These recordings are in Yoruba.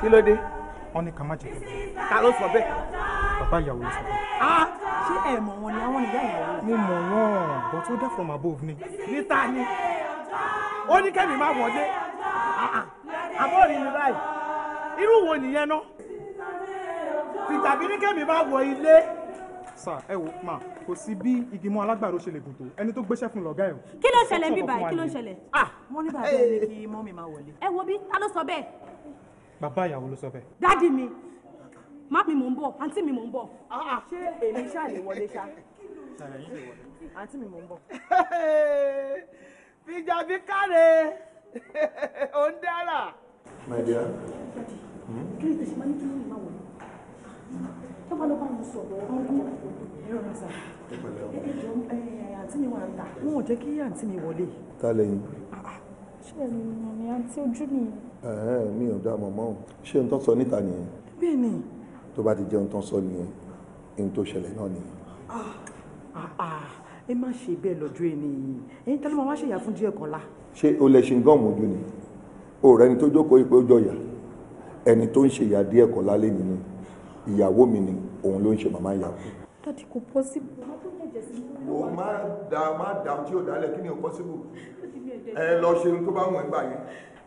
kí ló dé. wọ́n ní ká má jẹ kẹ̀kẹ́. ta ló sọ bẹ́ẹ̀. bàbá ìyàwó ló sọ bẹ́ẹ̀. ṣé ẹ mọ̀ wọn ni àwọn ìyá ìyàwó. mo mọ̀ wọn but ó dá from above ni. níta ni ó ní kẹ́mi má wọlé àbọ̀ rí mi báyìí irú wo nìyẹn náà fìtàbí ní kẹ́mi má wọ ilé sà ẹ wò mà kò sí bí igimọ alágbàro ṣe lè gùn tó ẹni tó gbéṣẹ́ fún lọ́gá ẹ̀ o. kí ló ṣẹlẹ̀ bíbá yìí kí ló ṣẹlẹ̀. Ah! wọ́n ní bàbá ẹ̀ ní kí mọ́mì máa wọlé. ẹ wo bí ta ló sọ bẹ́ẹ̀ bàbá ìyàwó ló sọ bẹ́ẹ̀. dádì mi má mi mò ń bọ̀ àǹtí mi mò ń bọ̀. Ah, ah. ṣé èmi ṣáà lè wọlé ṣá. àǹtí mi mò ń bọ̀. fìjàbí káre ò ń dára. my dear. Hmm? kí ni tẹ̀sí máa ń kí ni ìmọ̀ tó bá lọ bá mi sọ̀rọ̀ ọ̀hún ẹ̀rọ ẹ jọ àǹtí mi wà ń ta wọn ò jẹ́ kí àǹtí mi wọlé. ta lẹ́yìn. Ah, ṣé ẹ̀rù ni àǹtí ojú nìyẹn. ẹ̀ẹ́ mi ò dá mọ̀mọ́ o ṣé n tó sọ níta nìyẹn. bẹ́ẹ̀ ni. tó bá ti jẹun tán sọ nìyẹn ohun tó ṣẹlẹ̀ náà nìyẹn. Ah, ah, ah, ẹ má ṣe bẹ́ẹ̀ lọ́jọ́ ẹni ẹ̀yin tẹ́lẹ̀ máa ṣèyà fún díẹ̀ kọ́lá. ṣé o lè ṣe gọ́ọ̀mù ojú ni o rẹni tó jókòó ìpè ó jọyà ẹni tó ń ṣèyà díẹ̀ kọ́lá lé nínú ìyàwó mi ni òun ló ń ṣe màmá ìyàwó. dadi kò pọ́sibú. o má dá má dá tí o dálẹ̀ kí ni o pọ́sibú ẹ lọ ṣe ohun tó bá wọ̀n ẹ́ báyìí.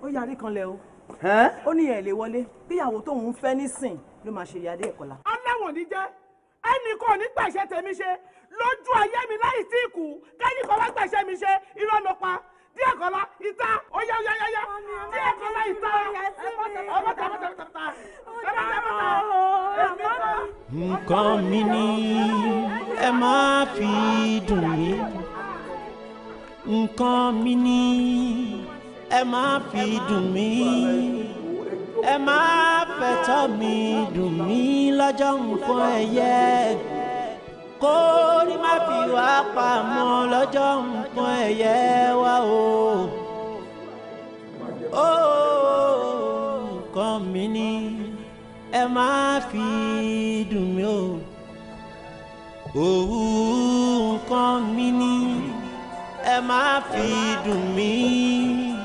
ó yarí kan lẹ o ó ní ẹ lè wọlé bíyàwó tóun ń fẹ́ nísìn ló máa ṣe ìyáde ẹ̀kọ́lá. ọlọ́wọ̀n ní jẹ́ ẹnì kan ò tèmi ṣe lójú ayé mi láì sí ìkù kẹ́yìn kan wá gbàṣẹ mi ṣe irọ́ ló pa díẹ̀ kọ́lá ìta oyá oyá oyá yá díẹ̀ kọ́lá ìta ọmọta ọmọta ọmọta ọmọta nǹkan mi ni ẹ má fi dùn mí ẹ má fẹ̀tọ́ mi dùn mí lọ́jọ́ nǹkan ẹ̀yẹ kó má fi wá pamọ́ lọ́jọ́ nǹkan ẹ̀yẹ wa o. ó nǹkan mi ni ẹ má fi dùn mí o. òwú nǹkan mi ni ẹ má fi dùn mí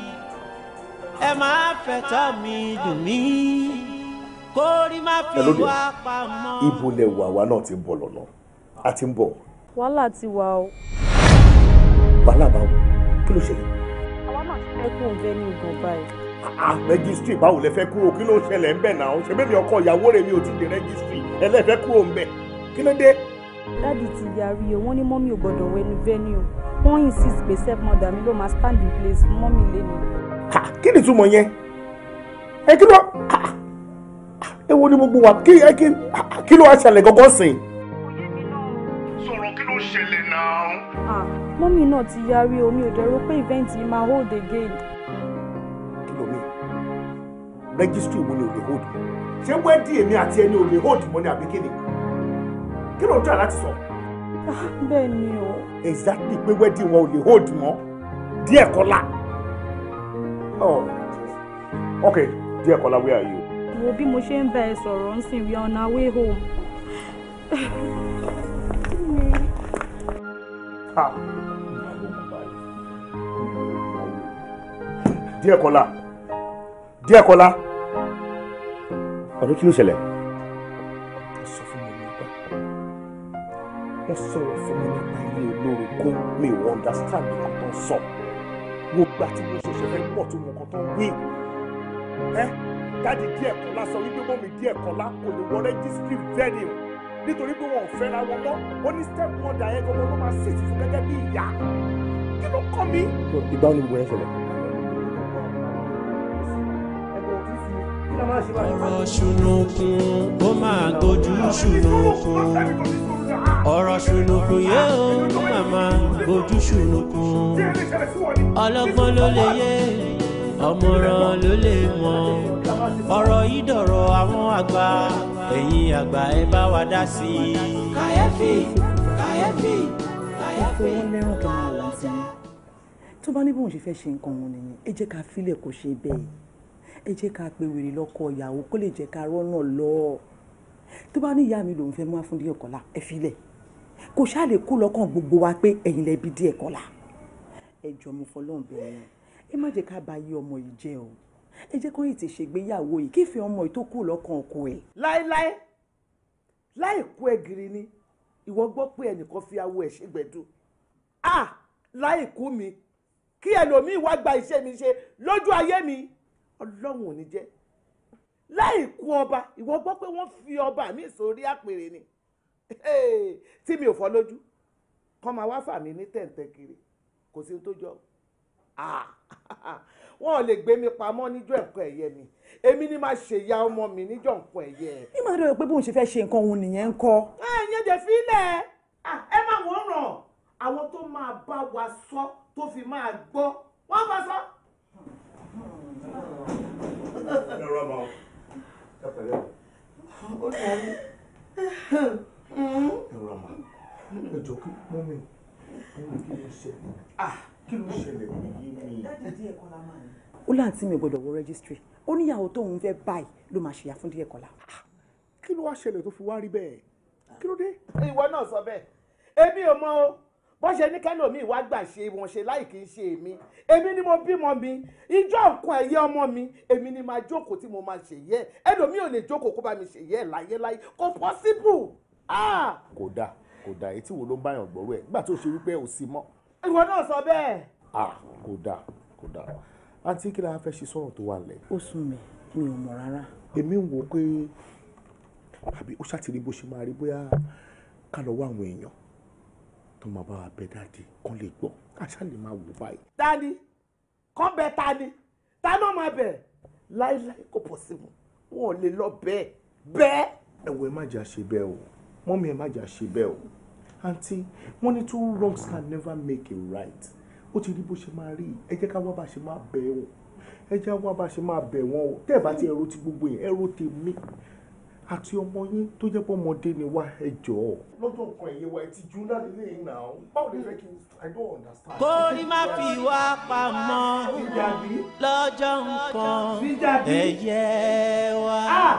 ẹ má fẹ̀tọ́ mi dùn mí kórìí má fi wá pamọ́. ibo lẹ wà wá náà ti ń bọ̀ lọ́nà a ti ń bọ̀. wàhálà ti wà o. wàhálà báwo kí ló ṣẹlẹ̀. àwa náà ti fẹ́ kún un bẹ́ẹ̀ ní ìgbọ̀n báyìí ah, rẹ́gísítì báwo lẹ fẹ́ kúrò kí ló ṣẹlẹ̀ ń bẹ̀ náà ṣe mi ọkọ ìyàwó rẹ̀ mi ò ti di rẹ́gísítì ẹ lẹ́ fẹ́ kúrò ń bẹ̀ kí ló dé dádì ti yarí o wọ́n ní mọ́mí ò gbọ́dọ̀ wẹnu venue wọ́n insist pé stepmother mi ló máa stand in place fún mọ́mí lẹ́nu. kí ni ìtumọ̀ yẹn ẹ kí ló ẹ wo ni gbogbo wa kí ẹ kí ló wá ṣẹlẹ̀ gọ́gọ́ sìn. sọ̀rọ̀ kí ló ṣẹlẹ̀ náà. mọ́mí náà ti yarí o mi ò dẹ̀ rò pé event yìí máa hold again. kí ló mi registry wo ni o hold ṣé wẹ́ẹ́dì èmi àti ẹni ò lè hold mọ́ ni àbí kí ni kí ló ń jà láti sọ. Ah, bẹ́ẹ̀ ni o. exactly pé wedding wọn ò lè hold mọ́ díẹ̀ kọ́lá. Oh. ok díẹ̀ kọ́lá where are you. wo bí mo ṣe ń bá ẹ sọ̀rọ̀ ń sìn we are on our way home. Ah. díẹ̀ kọ́lá díẹ̀ kọ́lá. ọdún kí ló ṣẹlẹ̀. ẹ sọ̀rọ̀ fún mi nípa ilé olórogún mi ò understand nǹkan tó ń sọ wo gba tí mo ṣẹ̀ṣẹ̀ fẹ́ pọ̀ tó mọ nǹkan tó ń wí ẹ́ dáàdi díẹ̀ kọ́lá sọ wípé mọ́mí díẹ̀ kọ́lá kò lè wọ registry venue nítorí pé wọn ò fẹ́ra wọn mọ́ ó ní step mother yẹn gbogbo ló máa ṣèṣì fún gẹ́gẹ́ bí ìyá kí ló kọ́ mi. ìgbà wo ni gbogbo yẹn ṣẹlẹ̀. ọ̀rọ̀ ṣùnùkùn ó máa gbójú ṣùnùkùn ọ̀rọ̀ ṣùnùkùn yóò màmá gbójú ṣùnùkùn ọlọ́gbọ́n ló lè yé ọmọràn ló lè mọ ọ̀rọ̀ yìí dọ̀rọ̀ àwọn àgbà ẹ̀yin àgbà ẹ bá wa dá sí i. kàyéfì kàyéfì kàyéfì. ó lẹ́rùn kí n máa wá sí i tó bá ní bóun ṣe fẹ́ ṣe nǹkan òun nìyẹn ẹ jẹ́ ká fílẹ̀ kó ṣe bẹ́ẹ̀ ẹ jẹ́ ká pe wèrè lọ́kọ ìyàwó kó lè jẹ́ ká rọ́nà lọ tó bá ní ìyá mi lòun fẹ́ mú afúndíyẹ kọ́lá ẹ filẹ̀ kò ṣáà lè kó lọ́kàn gbogbo wa pé ẹ̀yin lẹ bí díẹ̀ kọ́lá ẹ jọ mo fọlọ́n bẹ̀rẹ̀ ẹ má jẹ́ ká ba iye ọmọ yìí jẹ́ o ẹ jẹ́ kó yìí ti ṣègbéyàwó yìí kífẹ́ ọmọ yìí tó kú lọ́kàn ọkọ ẹ̀. láéláé láì kú ẹ gírí ni ìwọ gbọ́ pé ẹnìkan fi awo ẹ̀ ṣègbẹ́dù ah láì kú mi kí ẹlòmíì wá gba iṣẹ́ mi ṣe lójú ayé mi ọlọ́run ò ní jẹ́ láìkú ọba ìwọ gbọ́ pé wọ́n fi ọba mi sórí àpèrè ni tí mi ò fọ́ lójú kọ́ máa wá fà mí ní tẹ̀ǹtẹ̀ kiri kò sí tó jọ ah, wọn ò lè gbé mi pamọ́ níjọ́ ẹ̀kọ́ ẹ̀yẹ mi èmi ni máa ṣe ìyá ọmọ mi níjọ́ nǹkan ẹ̀yẹ. ní màá dọ̀rọ̀ pé bóun ṣe fẹ́ ṣe nǹkan òun nìyẹn ń kọ́. ẹ ah, ẹ̀yẹn jẹ́ fílẹ̀ ah, ẹ máa wọ́n ràn àwọn tó máa bá wa sọ tó fi máa gbọ́ wọ́n bá sọ ẹ rọ ma o kẹfẹrẹ o darí ẹ rọ ma ẹ jọ kí mú mi kí ló ṣẹlẹ̀ ah kí ló ṣẹlẹ̀ yìí mi. ó láǹtí mi ò gbọ́dọ̀ wọ rẹ́gísítírì ó níyàwó tóun fẹ́ báyìí ló máa ṣèyà fún Díyẹ̀kọ́lá. Ah, kí ló wá ṣẹlẹ̀ tó fi wá rí bẹ́ẹ̀ kí ló dé. ìwọ náà sọ bẹ́ẹ̀ èmi ò o wọ́n ṣe ní kẹ́lòmíì wá gbà ṣe ṣe láì kí n ṣe èmi èmi ni mo bímọ mi ìjọ nǹkan ẹ̀yẹ ọmọ mi èmi ni máa jókòó tí mo máa ṣe yẹ ẹlòmíì ò lè jókòó kó bá mi ṣe yẹ láyéláyé kò pọ́síbù. Ah! kò dáa kò dáa etí wo ló ń báyàn gbọ́rọ̀ ẹ̀ nígbà tó ṣe wípé ò sí mọ́. ìwọ náà sọ bẹ́ẹ̀. Ah! kò dáa kò dáa àǹtí kí la fẹ́ ṣe sọ̀rọ̀ tó wà lẹ̀. ó sún mi mi ò mọ̀ rárá. èmi ń wò pé àbí ó ṣàtìrí bó ṣe máa rí bóyá ká lọ wá àwọn èèyàn tó máa bá wa bẹ dáàdi kán lè gbọ́ káṣá lè máa wò báyìí. dáàdi kán bẹ ta ni ta náà máa bẹ láéláé kò pọ̀ sí mu wọn ò lè lọ bẹ́ẹ̀ bẹ́ẹ̀. ẹ̀wọ̀ ẹ má jà ṣe bẹ́ẹ̀ o mọ́mí ẹ má jà ṣe bẹ́ẹ̀ o àǹtí wọ́n ní two wrongs can never make a right ó ti rí bó ṣe máa rí ẹ jẹ́ ká wá bá ṣe máa bẹ̀ wọ́n ẹ jẹ́ wá bá ṣe máa bẹ̀ wọ́n o tẹ́ẹ̀ bá ti ẹ̀rọ ti gbogbo yẹn ẹ̀rọ tèmi àti ọmọ yín tó jẹ́ pọ́mọdé ni wá ẹ lọ́jọ́ kan ẹ̀yẹ wa ẹtì jù ńlá nílé yìí náà báwo lè fẹ́ kí i don't understand. kórí má fi wá pamọ́ lọ́jọ́ nǹkan ẹ̀yẹ wa ah!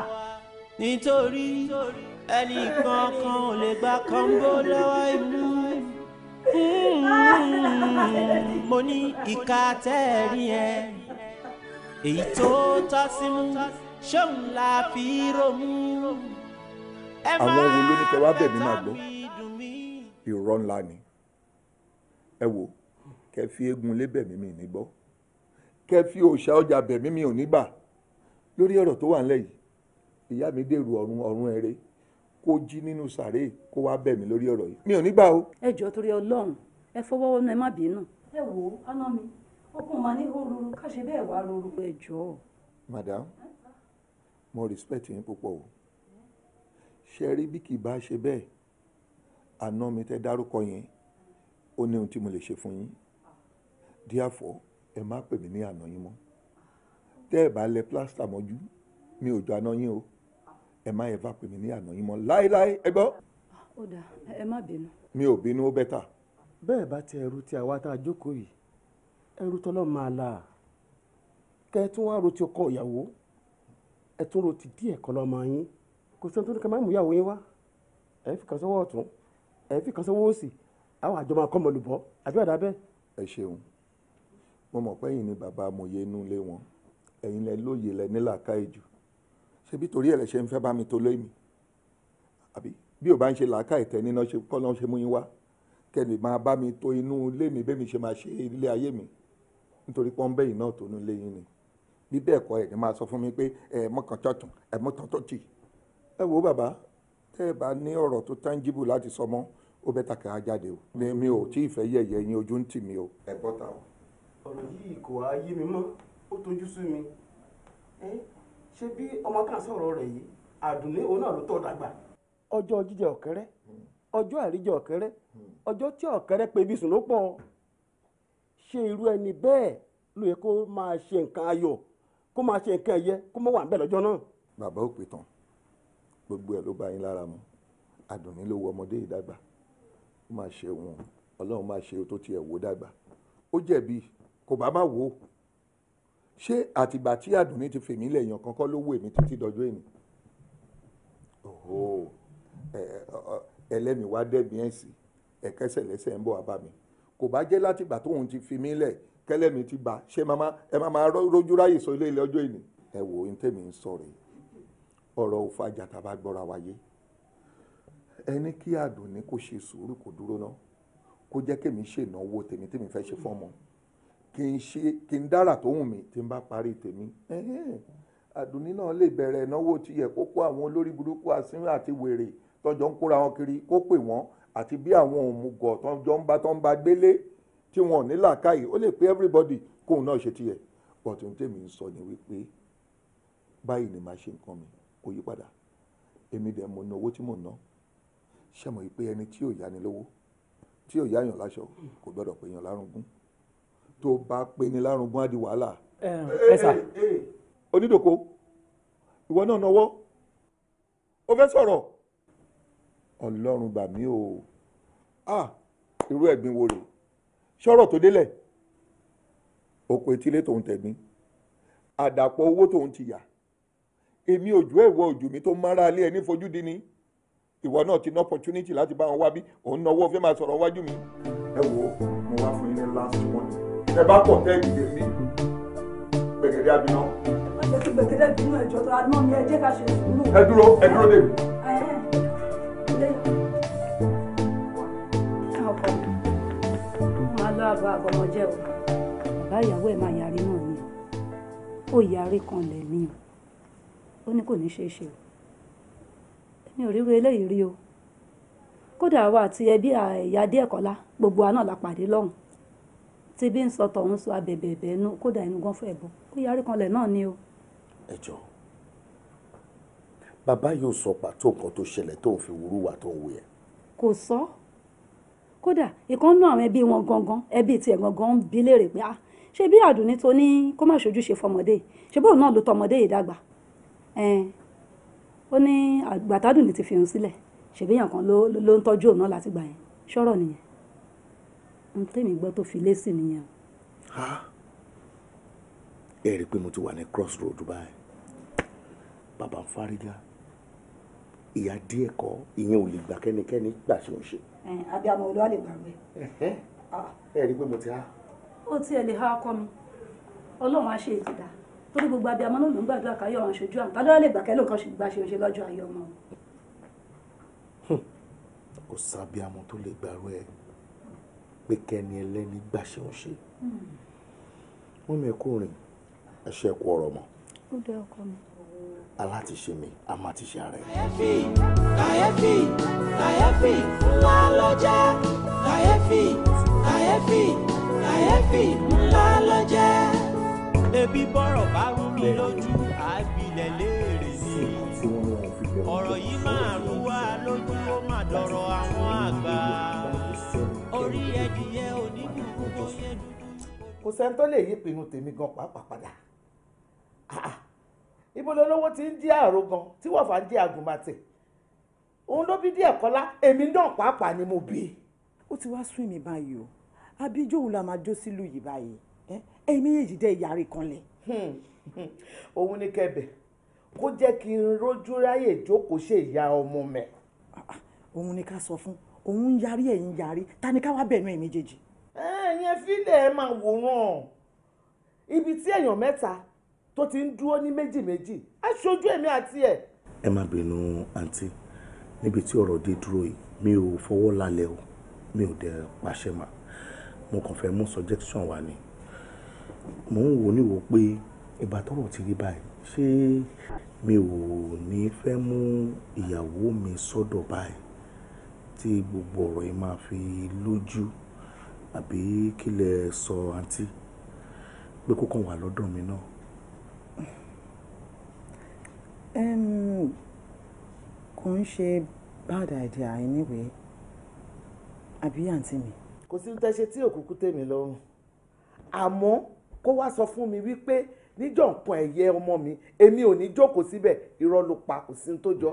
nítorí ẹnì kankan ò lè gba kọ́ńgó lọ́wọ́ ìlú. Hmm. mo ní ìka tẹ́ẹ̀rí ẹ èyí tó tọ́ sí mú ṣóun la fi romú. àwọn ohun ló ní kẹ wá bẹ̀ mí máa gbọ́ irọ́ ńlá ni ẹ wò kẹ fi eégún lé bẹ̀ mí mi ní gbọ́ kẹ fi òòṣà ọjà bẹ̀ mí mi ò ní gbà lórí ọ̀rọ̀ tó wà ńlẹ̀ yìí ìyá mi dèrò ọ̀run ọ̀run ẹ̀rẹ́ kó jí nínú sàárè kó wá bẹ̀ mí lórí ọ̀rọ̀ yìí mi ò ní gbà o. ẹ jọ torí Ọlọ́run ẹ fọwọ́ wọnú ẹ má bínú. ẹ wò ó aná mi ọkùnrin màá ní hó ká ṣe bẹ́ẹ̀ wá ruru. ẹ jọ. madam. Huh? mo respect yín púpọ̀ o ṣe rí bí kì í bá ṣe bẹ́ẹ̀ àná mi tẹ́ dárúkọ yẹn ó ní ohun tí mo lè ṣe fún yín therefore ẹ má pè mí ní àná yín mọ́ tẹ́ ẹ bá lẹ plaster mọ́jú mi ò jọ àná yín o ẹ má ẹ bá pè mí ní àná yín mọ́ láéláé ẹ gbọ́. ó dà ẹ má bínú. mi ò bínú ó bẹ́tà. bẹ́ẹ̀ bá ti ẹrù ti àwa tá a jókòó yìí ẹrù tọ́lọ́ máa la kẹ́ ẹ tún wá ro ti ọkọ ìyàwó ẹ tún ro ti díẹ̀ kọ́ lọ́mọ yín kò sí ẹni tó ní ká má mú ìyàwó yín wá ẹ fi kàn sọ́wọ́ ọ̀tún ẹ fi kàn sọ́wọ́ òsì àwọn àjọ máa kọ́ ọmọ olùbọ́ àbí ọ̀dà bẹ́ẹ̀. ẹ ṣeun mo mọ̀ pé ẹ̀yin ni bàbá amòye inú ilé wọn ẹ̀yin lẹ lóye lẹ ní làákàyè jù ṣebí torí ẹ̀ lẹ ṣe ń fẹ́ bá mi tó lóyún àbí bí ò bá ń ṣe làákàyè tẹ nínú kọ́ náà ṣe mú yín wá kẹ́ni máa bá mi tó inú ilé mi bẹ́ẹ̀ mi ṣe máa ṣe ilé ayé mi nítorí pọ́ńbẹ́yìn náà tó inú ilé yín ni. bí bẹ́ẹ̀ kọ́ ẹ̀ ni máa sọ fún mi pé ẹ mọ́kàn tọ̀tún ẹ mọ́kàn bàbá tẹ́ ní ọ̀rọ̀ tó tangible láti sọ mọ́ ó bẹ́ẹ̀ takẹ́ á jáde o. mi ò tí ì fẹ́ yẹ̀yẹ́ yín ojú ń o. ẹ bọ́ ta o. ọ̀rọ̀ yìí kò á yé mi mọ́ ó tojú sú mi. bí ọmọ kan sọ̀rọ̀ rẹ̀ yìí òun náà ló tọ́ dàgbà. ọjọ́ jíjẹ ọ̀kẹ́rẹ́ hmm. ọjọ́ àríjẹ ọ̀kẹ́rẹ́ hmm. ọjọ́ ṣe irú ẹni bẹ́ẹ̀ ló yẹ kó máa ṣe nǹkan kó máa ṣe nǹkan ẹ̀yẹ kó mọ̀ wà ń bẹ̀ lọ́jọ́ náà. bàbá ò pé tán gbogbo ẹ̀ ló bá yín lára mu àdùnní ló wọ ọmọdé ìdàgbà ó máa ṣe wọn ọlọ́run máa ṣe tó tiẹ̀ wò dàgbà ó jẹ̀bi kò bá má wò ó ṣé àtìgbà tí àdùnní ti fèmí lẹ̀yàn kankan ló wò èmi títí dọjọ́ èmi ẹlẹ́mi wá dẹ́bi ẹ̀sìn ẹ̀kẹ́sẹ̀ lẹ́sẹ̀ ń bọ̀ wá mi kò bá jẹ́ látìgbà tóun ti fi lẹ̀ kẹ́lẹ́ mi ti bà ṣé ẹ máa máa rojú ráyè sọ ilé ilé ọjọ́ ìní ẹ wò ó tèmi ń sọ rèé ọ̀rọ̀ òfa jàtà bá gbọ́ra wáyé ẹni kí àdùnní kò ṣe sùúrù kò dúró ná kó jẹ́ kémi ṣe ìnáwó tèmi tèmi fẹ́ ṣe fọ́mọ kí n ṣe kí n dára tó wùn mí tí n bá parí tèmi àdùnní náà lè bẹ̀rẹ̀ ìnáwó tí yẹ kó kó àwọn olórí burúkú asínrín àti wèrè tọjọ́ ń kóra wọn kiri kó pè wọ́n àti bí àwọn òmùgọ̀ tọjọ́ ń bá tọ́ ń bá gbélé tí wọn ò ní làákàyè ó lè pé everybody kóun náà ṣe tiẹ̀ but ohun tèmi ń sọ ni wípé báyìí ni màá ṣe nǹkan mi kò yí padà èmi dẹ̀ mo ná owó tí mò ń ná ṣe mọ̀ wípé ẹni tí ò yá ni lówó tí ò yá yàn láṣọ kò gbọ́dọ̀ pé yàn lárùngún tó bá pé ni lárùngún á di wàhálà. ẹ sà onídòkó ìwọ náà náwó o fẹ́ sọ̀rọ̀ ọlọ́run gbà mí o ah irú ẹ̀gbin wo rèé ṣọ́rọ̀ tó délẹ̀ òpó etílé tòun tẹ̀gbín àdàpọ̀ owó tòun ti yà èmi òjò ẹ̀wọ̀ òjò mi tó mára alẹ́ ẹni fojú di ni ìwọ náà ti ná opportunity láti bá wọn wá bí òun náà wọ́ fẹ́ máa sọ̀rọ̀ wájú mi. ẹ wo mo wá fún yín ní last one ẹ bá pọ̀ tẹ́ ìdílé mi gbẹ̀gẹ̀dẹ̀ abiná. ẹ dúró ẹ dúró dé mi. bàbá àbọ̀mọ jẹ́ o bàbá ìyàwó ẹ̀ máa yarí náà ni ó yarí kan lẹ̀ ni o ó ní kò ní ṣe o èmi ò ríru eléyìí rí o kódà àwa àti ẹbí ìyá Adéẹ̀kọ́lá gbogbo àná la pàdé lọ́hùn tí bí ń sọ tọ̀hún sọ abẹ̀bẹ̀ ẹ̀bẹ̀ inú kódà inú gan fẹ́ bọ́ ó yarí kan lẹ̀ náà ni o. ẹ jọ bàbá yóò sọ pàtó nǹkan tó ṣẹlẹ̀ tó ń fi wúrú wà tó ń wù yẹn. kò sọ. So? kódà ìkan nú àwọn ẹbí wọn gangan ẹbí tiẹ̀ gangan ń bi léèrè pé ah ṣé bí àdùnní tó ní kó má ṣojú ṣe fọmọdé ṣe bóun náà ló tọmọdé yìí dàgbà ó ní àgbàtàdùnní ti fi hàn sílẹ̀ ṣèbíyàn kan ló ń tọ́jú òun náà láti gbà yẹn ṣọ́rọ̀ nìyẹn n tèmi gbọ́ tó fi lésì nìyẹn. ẹ rí i pé mo ti wà ní cross báyìí bàbá ń fárígá ìyá díẹ̀ kọ́ ìyẹn ò lè gbà kẹ́nikẹ́ni gbà tí ó ń ṣe. abiyamọ olú wa lè gbà wẹ. Ah. ẹ rí i pé mo ti há. ó tiẹ̀ lè há ọkọ mi ọlọ́run á ṣe ìjìdá torí gbogbo abiyamọ náà ló ń gbàdúrà káyọ̀ àwọn aṣojú àǹtá lọ́wọ́ lè gbà kẹ́ lóǹkan ṣe gbà ṣe ń ṣe lọ́jọ́ ayé ọmọ. kò sábíamọ tó lè gbàrú ẹ pé kẹ́ni ẹlẹ́ni gbà ṣe ń hmm. ṣe wọ́n mẹ́kù rìn ẹ̀ṣẹ̀ kú ọ̀rọ̀ mọ́. ó dé ọkọ mi alátiṣe mi a máa ti ṣe ara kàyéfì kàyéfì kàyéfì ńlá ló jẹ́ kàyéfì kàyéfì kàyéfì ńlá ló jẹ́. ebi bọ́rọ̀ bá rú mi lójú àbílẹ̀ léèrè ni ọ̀rọ̀ yìí máa rú wa lójú ó máa dọ̀rọ̀ àwọn àgbà orí ẹdìyẹ onígbùgbù tó dúdú. kò sẹ́ni tó lè yí ìpinnu tèmi gan pàápàá padà ibo lolówó ti ń jí àrògan tí wọ́n fà ń jí àgùnmàtẹ̀ òun ló bí díẹ̀ kọ́lá èmi náà pàápàá ni mo bí. ó ti wá sún mi báyìí o abijó òun la máa jó sílùú yìí báyìí ẹ̀yin méjèèjì dẹ́ ìyàrí kan lẹ̀. Hmm, hmm. òun ní kẹbẹ̀ kó jẹ́ kí n rójú ráyè jókòó ṣe ìyá ọmọ mẹ́. Ah, ah, òun ni ká sọ fún òun ń yarí ẹ̀yin yarí ta ni ká wá bẹ̀ẹ̀nu ẹ̀ méjèèjì. ẹ̀yin fílẹ̀ ẹ máa wòran ibi tí èèyàn mẹ́ta tó ti ń dúró ní méjì méjì á ṣojú èmi àti ẹ̀. ẹ má bínú àǹtí níbi tí ọ̀rọ̀ dé dúró yìí mi ò fọwọ́ lálẹ́ o mi ò dẹ̀ pàṣẹ mà mo kàn fẹ́ mú suggestion wá ni mò ń wò níwò pé ìgbà tọ́rọ̀ ti rí báyìí ṣé mi ò ní fẹ́ mú ìyàwó mi sọ́dọ̀ báyìí tí gbogbo ọ̀rọ̀ yìí máa fi lójú àbí kí sọ àǹtí pé kó wà lọ́dọ̀ mi náà um, kò ń ṣe bad idea anyway àbí àǹtí mi. kò sí tẹ́ ṣe tí òkùnkùn tèmi lọ́rùn àmọ́ kó wá sọ fún mi wípé níjọ́ nǹkan ẹ̀yẹ ọmọ mi èmi ò ní jókòó síbẹ̀ irọ́ ló pa kò sí tó jọ.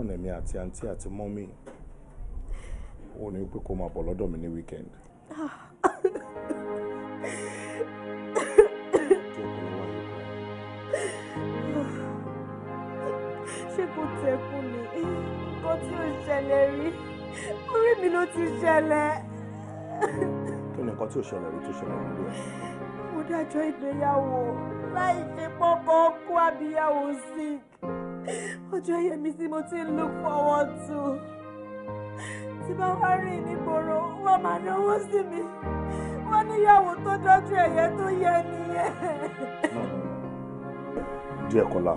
option èmi àti àǹtí àti mọ́mí ó ní pé kó máa bọ̀ lọ́dọ̀ mi ní weekend. ṣé kò tẹ̀ kú ni nǹkan tí ò ṣẹlẹ̀ rí orí mi ló ti ṣẹlẹ̀. kí ni nǹkan tí ò ṣẹlẹ̀ rí tó ṣẹlẹ̀ lórí ẹ̀. mo dájọ́ ìgbéyàwó láì ṣe pọ́pọ́ kó àbíyàwó sí i ọjọ́ ayé mi tí mo ti ń look forward to tí bá wá rí nígboro wọ́n máa náwó sí mi wọ́n níyàwó tó dọ́jú ẹ̀yẹ tó yẹ nìyẹn. díẹ̀ kọ́lá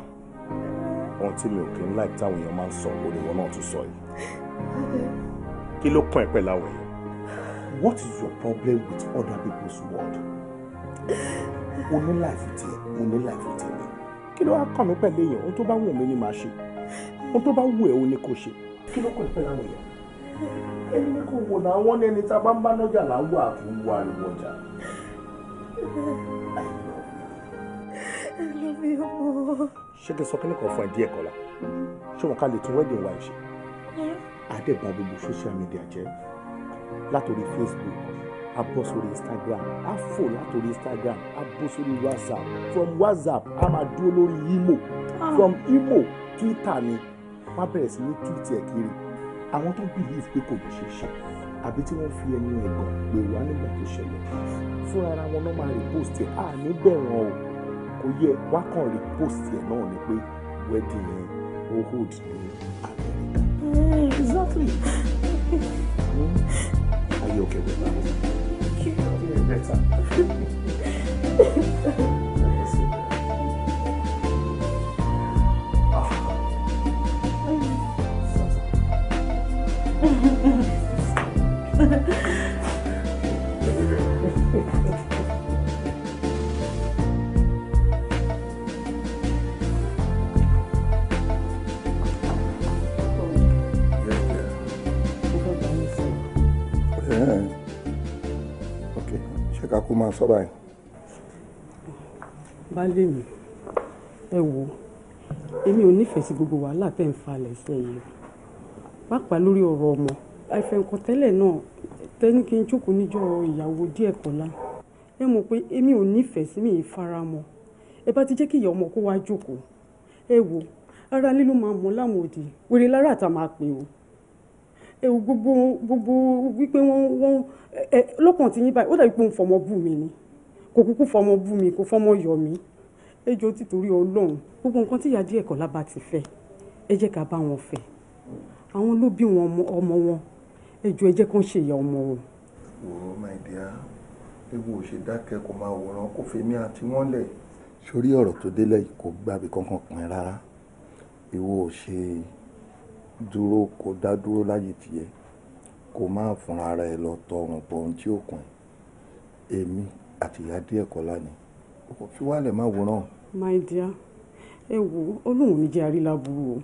ohun tí mi ò kí ń láì táwọn èèyàn máa ń sọ ó lè náà tún sọ yìí kí ló kàn ẹ́ pẹ̀lú àwọn èèyàn what is your problem with other people's world? o ní láìfi tiẹ̀ o ní láìfi tiẹ̀ kí ló wá kàn mí pẹ̀lú èèyàn ohun tó bá wù mí ni màá ṣe ohun tó bá wù ẹ́ o ni kò ṣe kí ló kàn pẹ̀lú àwọn èèyàn ẹni ní kò wò náà wọ́n ní ẹni tá a bá ń bá lọ́jà là ń wà tó ń wà ariwo ọjà. ṣé kí n sọ kí nìkan fún ẹ díẹ̀ kọ́lá ṣé wọn ká lè tún wedding wa ẹ̀ ṣe àdébà gbogbo social media jẹ́ látòrí Facebook a bọ́ sórí instagram a fò látòrí instagram a bọ́ sórí whatsapp from whatsapp a máa dúró lórí imo ah. from imo twitter ni wọ́n á bẹ̀rẹ̀ sí ní tweet ẹ̀ kiri àwọn tó believe pé kò ní ṣe ṣe àbí tí wọ́n fi ẹnu ẹ̀gàn pé wà nígbà tó ṣẹlẹ̀ fúnra ara wọn náà máa repost ẹ̀ à ní bẹ̀rẹ̀ o kò yẹ wá kàn repost ẹ̀ náà ni pé wedding yẹn ó hold ní Amẹ́ríkà. Mm. exactly. Hmm. ayé ọkẹ́ wẹ̀ bá wọn better. ká kó máa sọ báyìí. baálé mi ẹ wo èmi ò nífẹ̀ẹ́ sí gbogbo wàhálà tẹ̀ ń falẹ̀ sí i pàápàá lórí ọ̀rọ̀ ọmọ àìfẹ̀ǹkọ̀ tẹ́lẹ̀ náà tẹ́ni kí n jókòó níjọ́ ìyàwó díẹ̀ kọ́lá ẹ mọ̀ pé èmi ò nífẹ̀ẹ́ sí mi ìfaramọ́ ẹ bá ti jẹ́ kí ìyá ọmọ kó wá jókòó ẹ wo ara lílo máa mọ̀ láwọn òdì wèrè lára àtà máa pè ẹ wo gbogbo gbogbo wípé wọ́n wọ́n ẹ lọ́kàn tí yín báyìí ó dàbí pé ń fọmọ bù mí ni kò kúkú fọmọ bù mí kò fọmọ yọ mí ẹ jọ̀ọ́ títorí Ọlọ́run gbogbo nǹkan tí ìyá díẹ̀ kọ́lá bá ti fẹ́ ẹ jẹ́ ká bá wọn fẹ́ àwọn ló bí wọn ọmọ wọn ẹ ẹ jẹ́ kán ṣe ìyá ọmọ wọn. oh my dear ewu ò ṣe dákẹ́ kó máa wòran kó fèmí àti wọ́n lẹ̀. sórí ọ̀rọ̀ tó délẹ̀ yìí kò gbàbí kankan pin rárá ìwọ ò ṣe dúró kó dá dúró láyé tìyẹ́ kó má fúnra ara ẹ lọ tọrùn bọ ohun tí ó kàn èmi àti ìyá díẹ̀ kọ́lá ni fi wálẹ̀ má wòran. my dear ẹ wo olóhùn mi jẹ́ àrílá burú o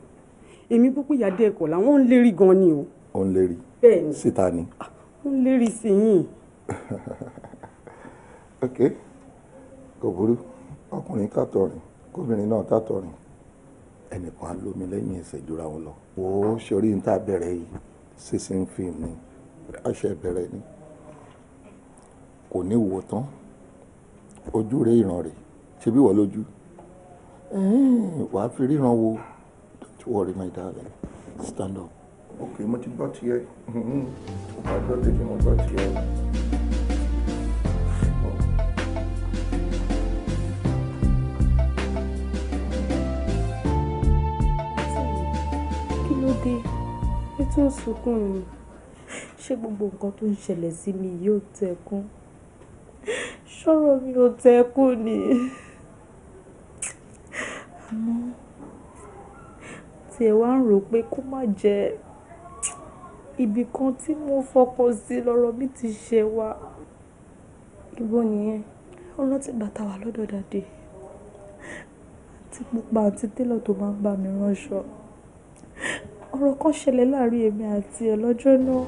èmi púpọ̀ ìyá díẹ̀ kọ́lá wọ́n ń lérí gan ni o. ó ń lérí síta ni. ó ah, ń lérí sí yín. ok kò burú ọkùnrin kàtọ̀rìn kóbìnrin náà kàtọ̀rìn ẹnìkan á lómi lẹ́yìn ẹsẹ̀ jura wọn lọ. wò ó ṣorí ń tà bẹ̀rẹ̀ yìí sísìn fíìmù ni àṣẹ bẹ̀rẹ̀ ni kò ní wò tán ojú rẹ ìran rẹ ṣe bí wọ́n lójú wàá fi ríran wo don't worry my darling stand up. ok mo ti gbọ́ tiẹ̀ mo bá gbọ́ tiẹ̀ mo gbọ́ tiẹ̀. tí ó sunkún ni ṣé gbogbo nǹkan tó ń ṣẹlẹ̀ sí mi yóò tẹ́ ṣọ́rọ̀ mi ò tẹ́ ni àmọ́ tiẹ̀ wá ń rò pé kó má jẹ́ ibì kan tí mo fọkàn sí lọ́rọ̀ mi ti ṣe wá ibo nìyẹn ọlọ́tí bàtà wà lọ́dọ̀ dàdé àti pupa àti télọ̀ tó máa ń bá mi ránṣọ ọ̀rọ̀ kan ṣẹlẹ̀ láàrin èmi àti ẹ̀ lọ́jọ́ náà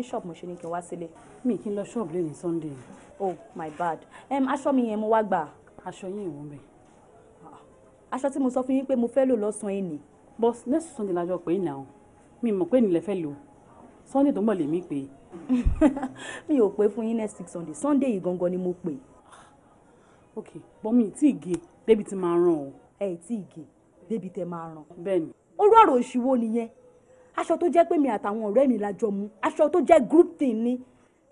ní ṣọ́ọ̀bù mo ṣe ní kí n wá sílé. mi kì í lọ ṣọ́ọ̀bù lẹ́yìn sunday. oh my bad um, aṣọ mi yẹn mo wá gbà. aṣọ yín ìwọ̀n bẹ̀. Ah, aṣọ tí mo sọ fún yín pé mo fẹ́ lò lọ́sàn-án yìí ni. bọ́s next sunday la jọ pé ìnà o mi mọ̀ pé nílẹ̀ fẹ́ lò sunday tó ń bọ̀ lèmi pé. mi ò pé fún yín next six sunday sunday yìí gangan ni mo pè. Ah, ok bọ́mi ì tí ì gé e, débi tí máa ràn o. ẹ ì tí ì gé e, débi tẹ máa ràn. bẹ́ẹ̀ni. orú ọ̀rọ̀ òṣìwò nìyẹn aṣọ tó jẹ́ pé mi àtàwọn ọ̀rẹ́ mi la jọ mu aṣọ tó jẹ́ group thing ni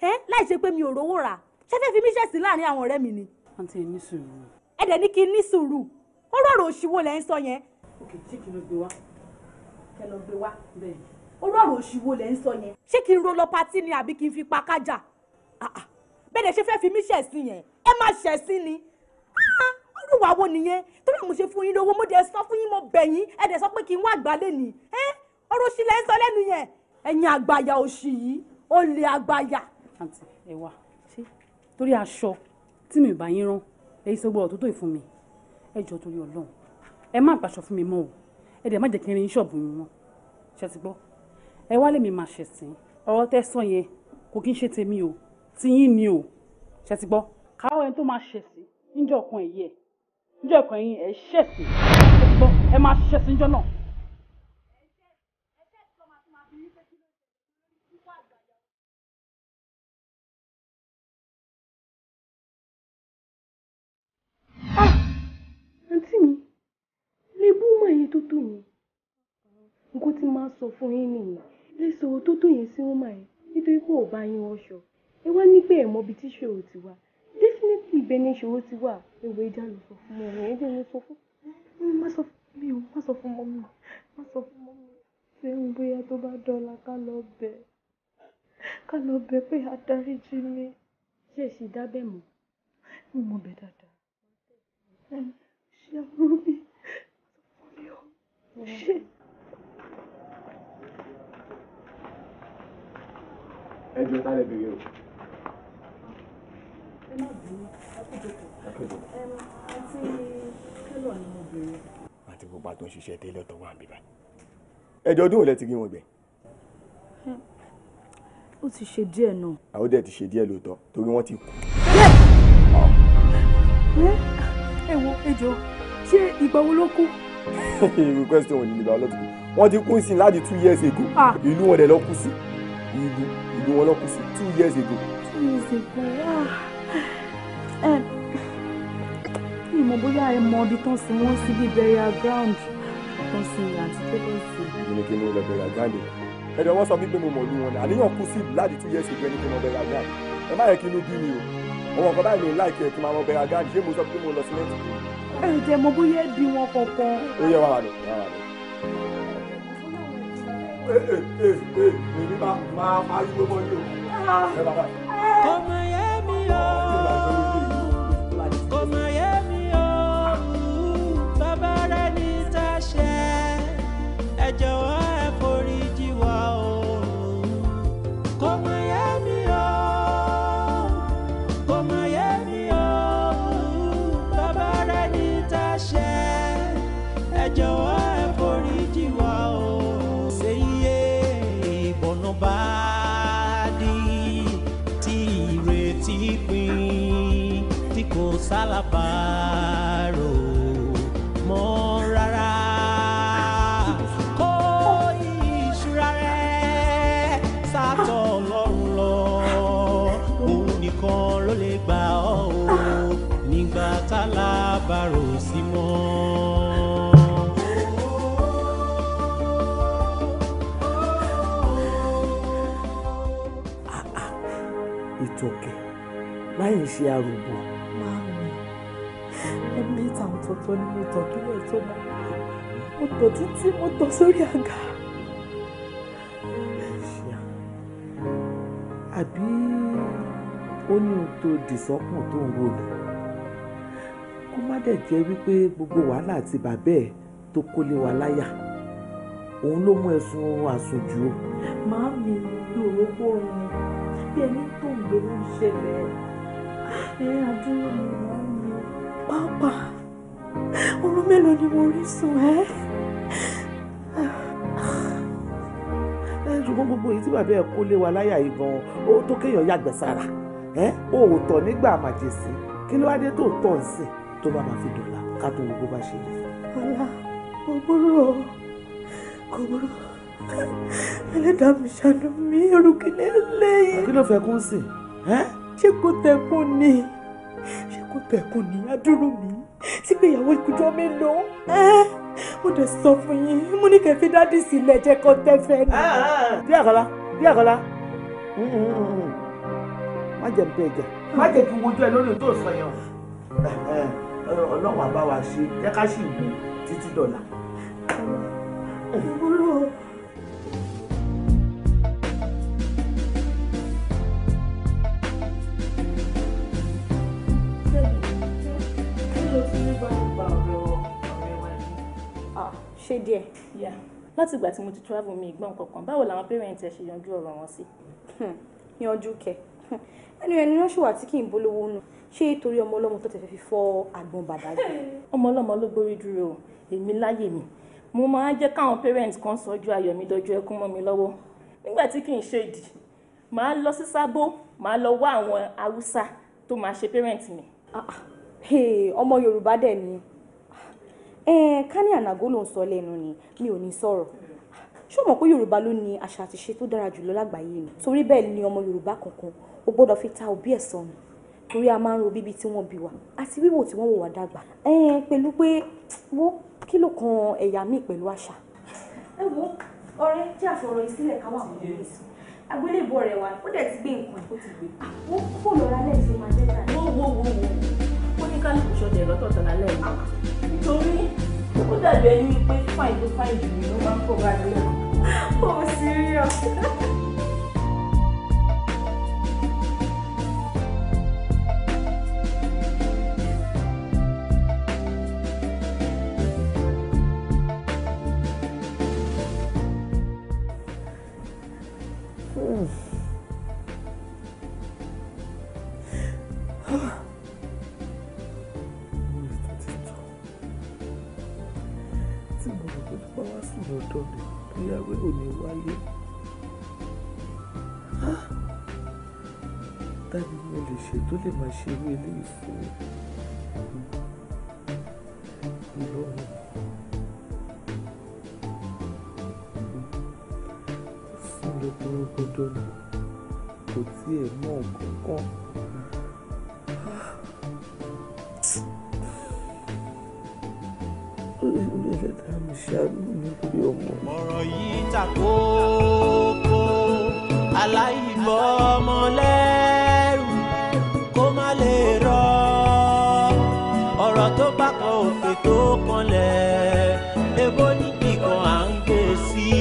ẹ láì ṣe pé mi ò rówó rà ṣé fẹ́ fi mí ṣẹ̀sín láàrin àwọn ọ̀rẹ́ mi ni. àǹtí ẹ ní sùúrù. ẹ dẹ̀ ní kí n ní sùúrù ó rọ̀rọ̀ òṣìwò lẹ́ ń sọ yẹn. òkè tí kì í lọ gbé wá kẹ lọ gbé wá bẹ́ẹ̀ ó rọ̀rọ̀ òṣìwò lẹ́ ń sọ yẹn. ṣé kí n ro lọ patí ni àbí kí n fi pa kájà bẹ́ẹ̀ ṣe fẹ́ fi mí ṣẹ̀sín yẹn ẹ má ṣẹ̀sín ni olùwàwo nìyẹn torí ṣe fún yín lówó mo dẹ̀ sọ fún yín mo bẹ̀ yín ẹ dẹ̀ sọ pé kí n wá àgbálẹ̀ ni ẹ́ ọ̀rọ̀ òṣì lẹ́ ń sọ lẹ́nu yẹn ẹ̀yin àgbàyà òṣì yìí olè àgbàyà. àǹtí ẹ wá ṣé torí aṣọ tí mi ò bá yín rán ẹ̀yin sọ gbọ́dọ̀ tó tó ìfún mi ẹ jọ torí Ọlọ́run ẹ má gbàṣọ fún mi mọ́ o ẹ dẹ̀ má jẹ́ kí n rin ṣọ́ọ̀bù mi mọ́ ṣe ti gbọ́ ẹ wá lè mi máa ṣẹ̀sìn ọ̀rọ̀ tẹ́ sọ yẹn kò kí n ṣe tèmi o tiyín ni o ṣe ti gbọ́ káwọ́ ẹni tó máa ṣẹ̀sìn níjọ́ kan ẹ̀yẹ níjọ́ kan ẹ̀yìn ẹ̀ ṣẹ̀sìn ṣe ti gbọ́ ẹ máa ṣẹ̀sìn níjọ́ náà máa ń sọ fún yín nìyẹn. Ẹ sọ òótọ́ tó yẹn sí woman yẹn nítorí pé ò bá yín wọṣọ. Ẹ wá ní pé ẹ̀ tí ìṣòro ti wà. Definitely ibẹ̀ ni ìṣòro ti wà. Èwo ẹ já lọ sọ fún ọmọ yẹn, ẹ jẹ́ n lọ sọ fún. Mm, má sọ fún mi o, má sọ fún ọmọ mi. Má sọ fún ọmọ mi. Ṣé ń bóyá tó bá dọ́la ká lọ bẹ̀? Ká lọ bẹ̀ pé a dáríji mi. Ṣé ẹ ṣì dábẹ́ mọ̀? Mo mọ bẹ̀ dáadáa. Ṣé àbúrò mi? Má sọ fún ẹjọ́ sáré bèrè o. ẹ má bínú akójọpọ̀ àti kẹ́lọ̀ ni mo bèrè. àti pupa tó ń ṣiṣẹ́ tẹ́lẹ̀ tó wà níbà ẹjọ́ ọdún òlẹ́ ti rí wọn gbẹ. ó ti ṣe díẹ̀ náà. àwọn dẹ̀ ti ṣe díẹ̀ lóòótọ́ torí wọ́n ti kú. ẹ wo ẹjọ́ ṣé ìgbà wo ló kú. request wọn ni ìgbà ọlọ́dún wọn ti kú sí i láti two years ago ah. ìlú wọn dẹ̀ lọ kú sí i ìlú ìlú wọn lọ́kùn sí two years ago. two years ago ẹ ah. eh, mi mọ̀ bóyá ẹ mọ̀ ibi tán sí wọn síbi burial ground tán sí àti tẹ́lẹ̀ sí. èmi ni kí n lọ burial ground ẹ̀dọ̀ wọ́n sọ mí pé mo mọ̀ ìlú wọn náà àníyàn kú sí láti two years ago ẹni pé mo burial ground ẹ má yẹ kí inú bí mi o àwọn ọ̀gá báyìí ló ń láìkí ẹ̀ kí máa mọ burial ground ṣé mo sọ pé mo lọ sí mẹ́tì. ẹ jẹ́ mọ̀ bóyá ẹ bí wọn kankan. ó yẹ wàhálà èmi eh, eh, eh, máa máa yíwé mọ́ ní o. Ah. ṣe àròbó. Máàmì, ẹ̀mí ìtàn ọ̀tọ̀ọ̀tọ̀ ni mo tọ̀ kí lẹ̀ tó mọ́. Mo tọ̀ títí mo tọ̀ sórí àga. Àbí ó ní ohun tó dì sọ́kùn tó ń wò ní. Kó má dẹ̀ jẹ́ wípé gbogbo wàhálà àti bàbá ẹ̀ tó kólé wa láyà òun ló mú ẹ̀sùn oorun àsùnjù o. màámi mi ò rọ́pò oorun bí ẹni tó ń gbèrú ìṣẹ̀lẹ̀ ẹ àbúrò mi wà pápá òru mélòó ni mo rí sùn ẹ. ṣùgbọ́n gbogbo èyí tí bàbá ẹ̀ kó lé wa láyà yìí gan-an ó tó kéèyàn yàgbẹ́ sára ó ò tọ̀ nígbà màjèsí kí ló wá dé tó tọ̀ ń sìn tó bá máa fi dọ̀la ká tó gbogbo bá ṣe rí. ọ̀la kò burú kò burú ẹlẹ́dàá mi ṣàánú mi irú kí lè léyìn. kí ló fẹ́ ṣé kò tẹ̀kùn ni ṣé kò tẹ̀kùn ni adúrú mi sígbéyàwó ìkújọ́ mi lò ẹ́ mo dẹ̀ sọ fún yín mo ní kẹ́ fi dádì sílẹ̀ jẹ́ kó tẹ́fẹ́ ni. bí àkọlá bí àkọlá má jẹ bẹ jẹ má jẹ kí wojú ẹ lórí tó sọ yẹn o ọlọ́wọ́n bá ṣe jẹ́ ká sì gbìn títí dọ̀là. ṣe díẹ̀ láti ìgbà tí mo ti travel mi ìgbọ́n kankan báwo làwọn parents ẹ̀ ṣe yanjú ọ̀rọ̀ wọn sí. Hmm, yanjú kẹ hmm, ẹnu ẹni náà ṣùwà tí kì í bolówó nù ṣé torí ọmọ ọlọ́mọ tó ti fẹ́ fi fọ́ àgbọn bàdá jù. ọmọ ọlọ́mọ ló gbórí dúró o èmi láyè mi mo máa ń jẹ́ káwọn parents kan sọ́jú ayọ̀ mi dọ́jú ẹkún mọ́ mi lọ́wọ́ nígbà tí kì í ṣe ìdì màá lọ sí sábó màá lọ wá àwọn haúsá tó máa ṣe parent mi. Ah, ah. ọmọ yorùbá dẹ̀ ni kání ànàgó ló ń sọ lẹ́nu ni mi ò ní sọ̀rọ̀ ṣó mọ̀ pé yorùbá ló ní àṣà àti ṣe tó dára jùlọ lágbàáyé ni torí bẹ́ẹ̀ ni ọmọ yorùbá kankan ó gbọ́dọ̀ fi ta òbí ẹ̀ sọnù torí a máa ń ro bíbí tí wọ́n bí wa àti wíwò tí wọ́n wò wá dàgbà pẹ̀lú pé wo kí ló kan ẹ̀yà míì pẹ̀lú àṣà. ẹ wo ọ̀rẹ́ jẹ́ àfọ̀rọ̀ ìsílẹ̀ káwá àwọn ọmọ ìsìn agbélébọ rẹ wa ó dẹ̀ ti gbé nǹkan ó ti gbé wọn kò lọ lálẹ́ ìṣó máa dẹ́ta. wọ́n wọ́n wọ́n wọ́n ó ní kálukú ṣọdẹ ìrọ́tọ̀ọ̀tọ̀ lálẹ́ yìí torí ó dàbí ẹni pé fáìn tó fáìn jù mí ló máa ń kó bá mi. ó sì rí ọ. lè máa ṣe irú eléyìí fún mi lọ́rùn. fún lọ́kùnrin gbọ́dọ̀ nù kò tiẹ̀ mọ̀ kankan. olùdíje dára mi kanlẹ̀ èbó níbì kan à ń gbé sí i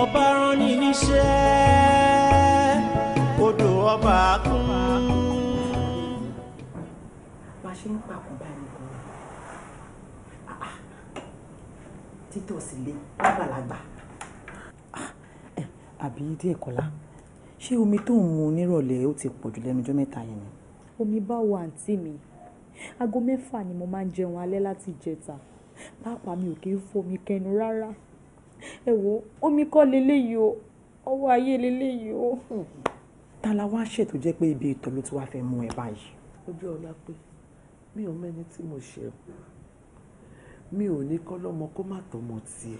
ọba rán ni níṣẹ́ odò ọba kún. bá a ṣe ń papọ̀ báyìí gan-an títọ́ sílé lágbàlagbà. Ah, àbí díẹ̀ kọ́lá ṣé omi tó ń mu nírọ̀lẹ́ ó ti pọ̀jù lẹ́nu ọjọ́ mẹ́ta yẹn ni. omi báwo àǹtí mi Aago mẹ́fà ni mo máa ń jẹun alẹ́ láti ìjẹta. Pàápàá mi ò kí ń fomi kẹnu rárá. Ẹ wo, omi kọ́ lelé o. Ọwọ́ ayé lelé o. Ta la wá ṣẹ̀ tó jẹ́ pé ibi ìtọ̀ ló ti wá fẹ́ mú ẹ báyìí? Ojú ọlá pé mi ò mọ ẹni tí mo ṣẹ̀ o. Mi ò ní kọ́ lọ́mọ kó má tọ́mọ ti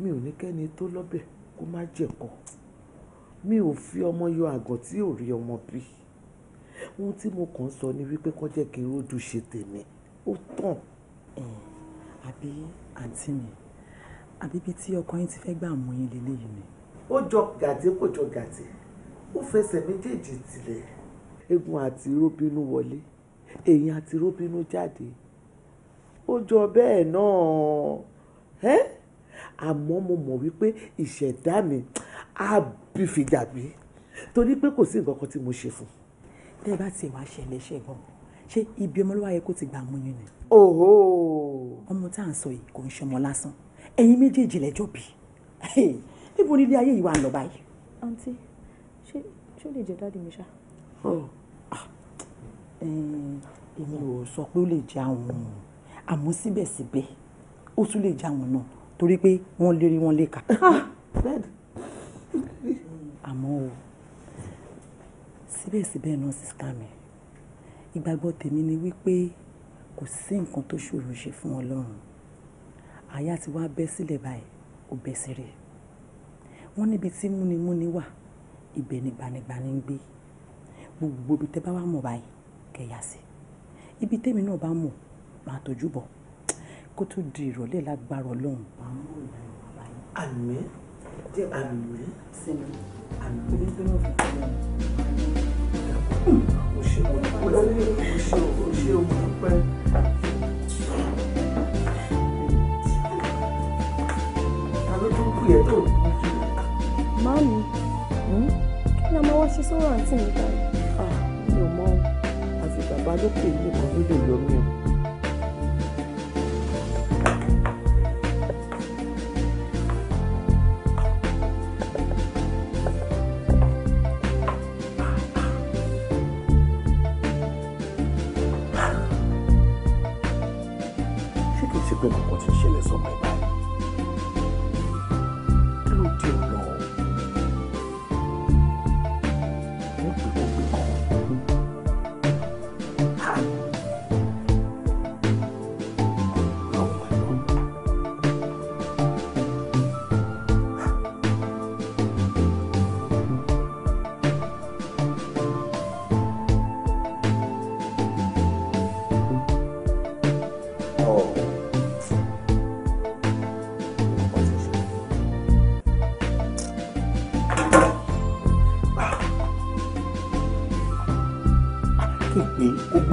Mi ò ní kẹ́ni tó lọ́bẹ̀ kó má jẹ̀kọ. Mi ò fi ọmọ yọ àgọ́ tí ò rí ọmọ bí ohun tí mo kàn ń sọ ni wípé kó jẹ́ kí n rójú ṣe tèmi ó tàn. àbí àǹtí mi àbí bíi tí ọkọ yín ti fẹ́ gbà mú yín lélẹ́yìí ni. ó jọ gàtí kò jọ gàtí ó fẹsẹ̀ méjèèjì tilẹ̀ egun àti róbínú wọlé èyí àti róbínú jáde ó jọ bẹ́ẹ̀ náà ẹ́ àmọ́ mo mọ̀ wípé ìṣẹ̀dá mi á bí fìjà bí torí pé kò sí nǹkan kan tí mo ṣe fún un tẹ́ ẹ bá ti wá ṣẹlẹ̀ ṣe gan ṣé ibi ọmọ ló wáyé kó ti gbà mú yín ni. oho. ọmọ tá à ń sọ yìí kò ń ṣọmọ lásán ẹ̀yin méjèèjì lẹ́jọ́ bí níbo ni ilé ayé yìí wà ń lọ báyìí. àǹtí ṣé ṣé ó lè jẹ dáàdi mi ṣá. Oh, ah, eh, èmi ò sọ pé ó lè jẹ àwọn ohun àmọ́ síbẹ̀síbẹ̀ ó tún lè jẹ àwọn náà torí pé wọ́n lérí wọ́n lè kà. Ah, àmọ́ o síbẹ̀síbẹ̀ náà sister mi ìgbàgbọ́ tèmi ni wípé kò sí nǹkan tó ṣòro ṣe fún Ọlọ́run àyà tí wàá bẹ́ sílẹ̀ báyìí ó bẹ́ sílẹ̀ wọ́n níbi tí múnimúni wà ibẹ̀ ni gbanigbani ń gbé gbogbo ibi tẹ́ bá wà mọ̀ báyìí kẹ̀yà sí ibi tẹ́mi náà bá mọ̀ máa tọ́jú bọ̀ kó tó di ìrọ̀lẹ́ lágbára Ọlọ́run. àmín àmín àmì hmm? kí. ni a máa wá ṣe sọ́rọ̀ àǹtí mi báyìí? Ah, mi ò mọ̀ àti bàbá ló pè é nìkan lè yọ mí o. 各种国际新说都没。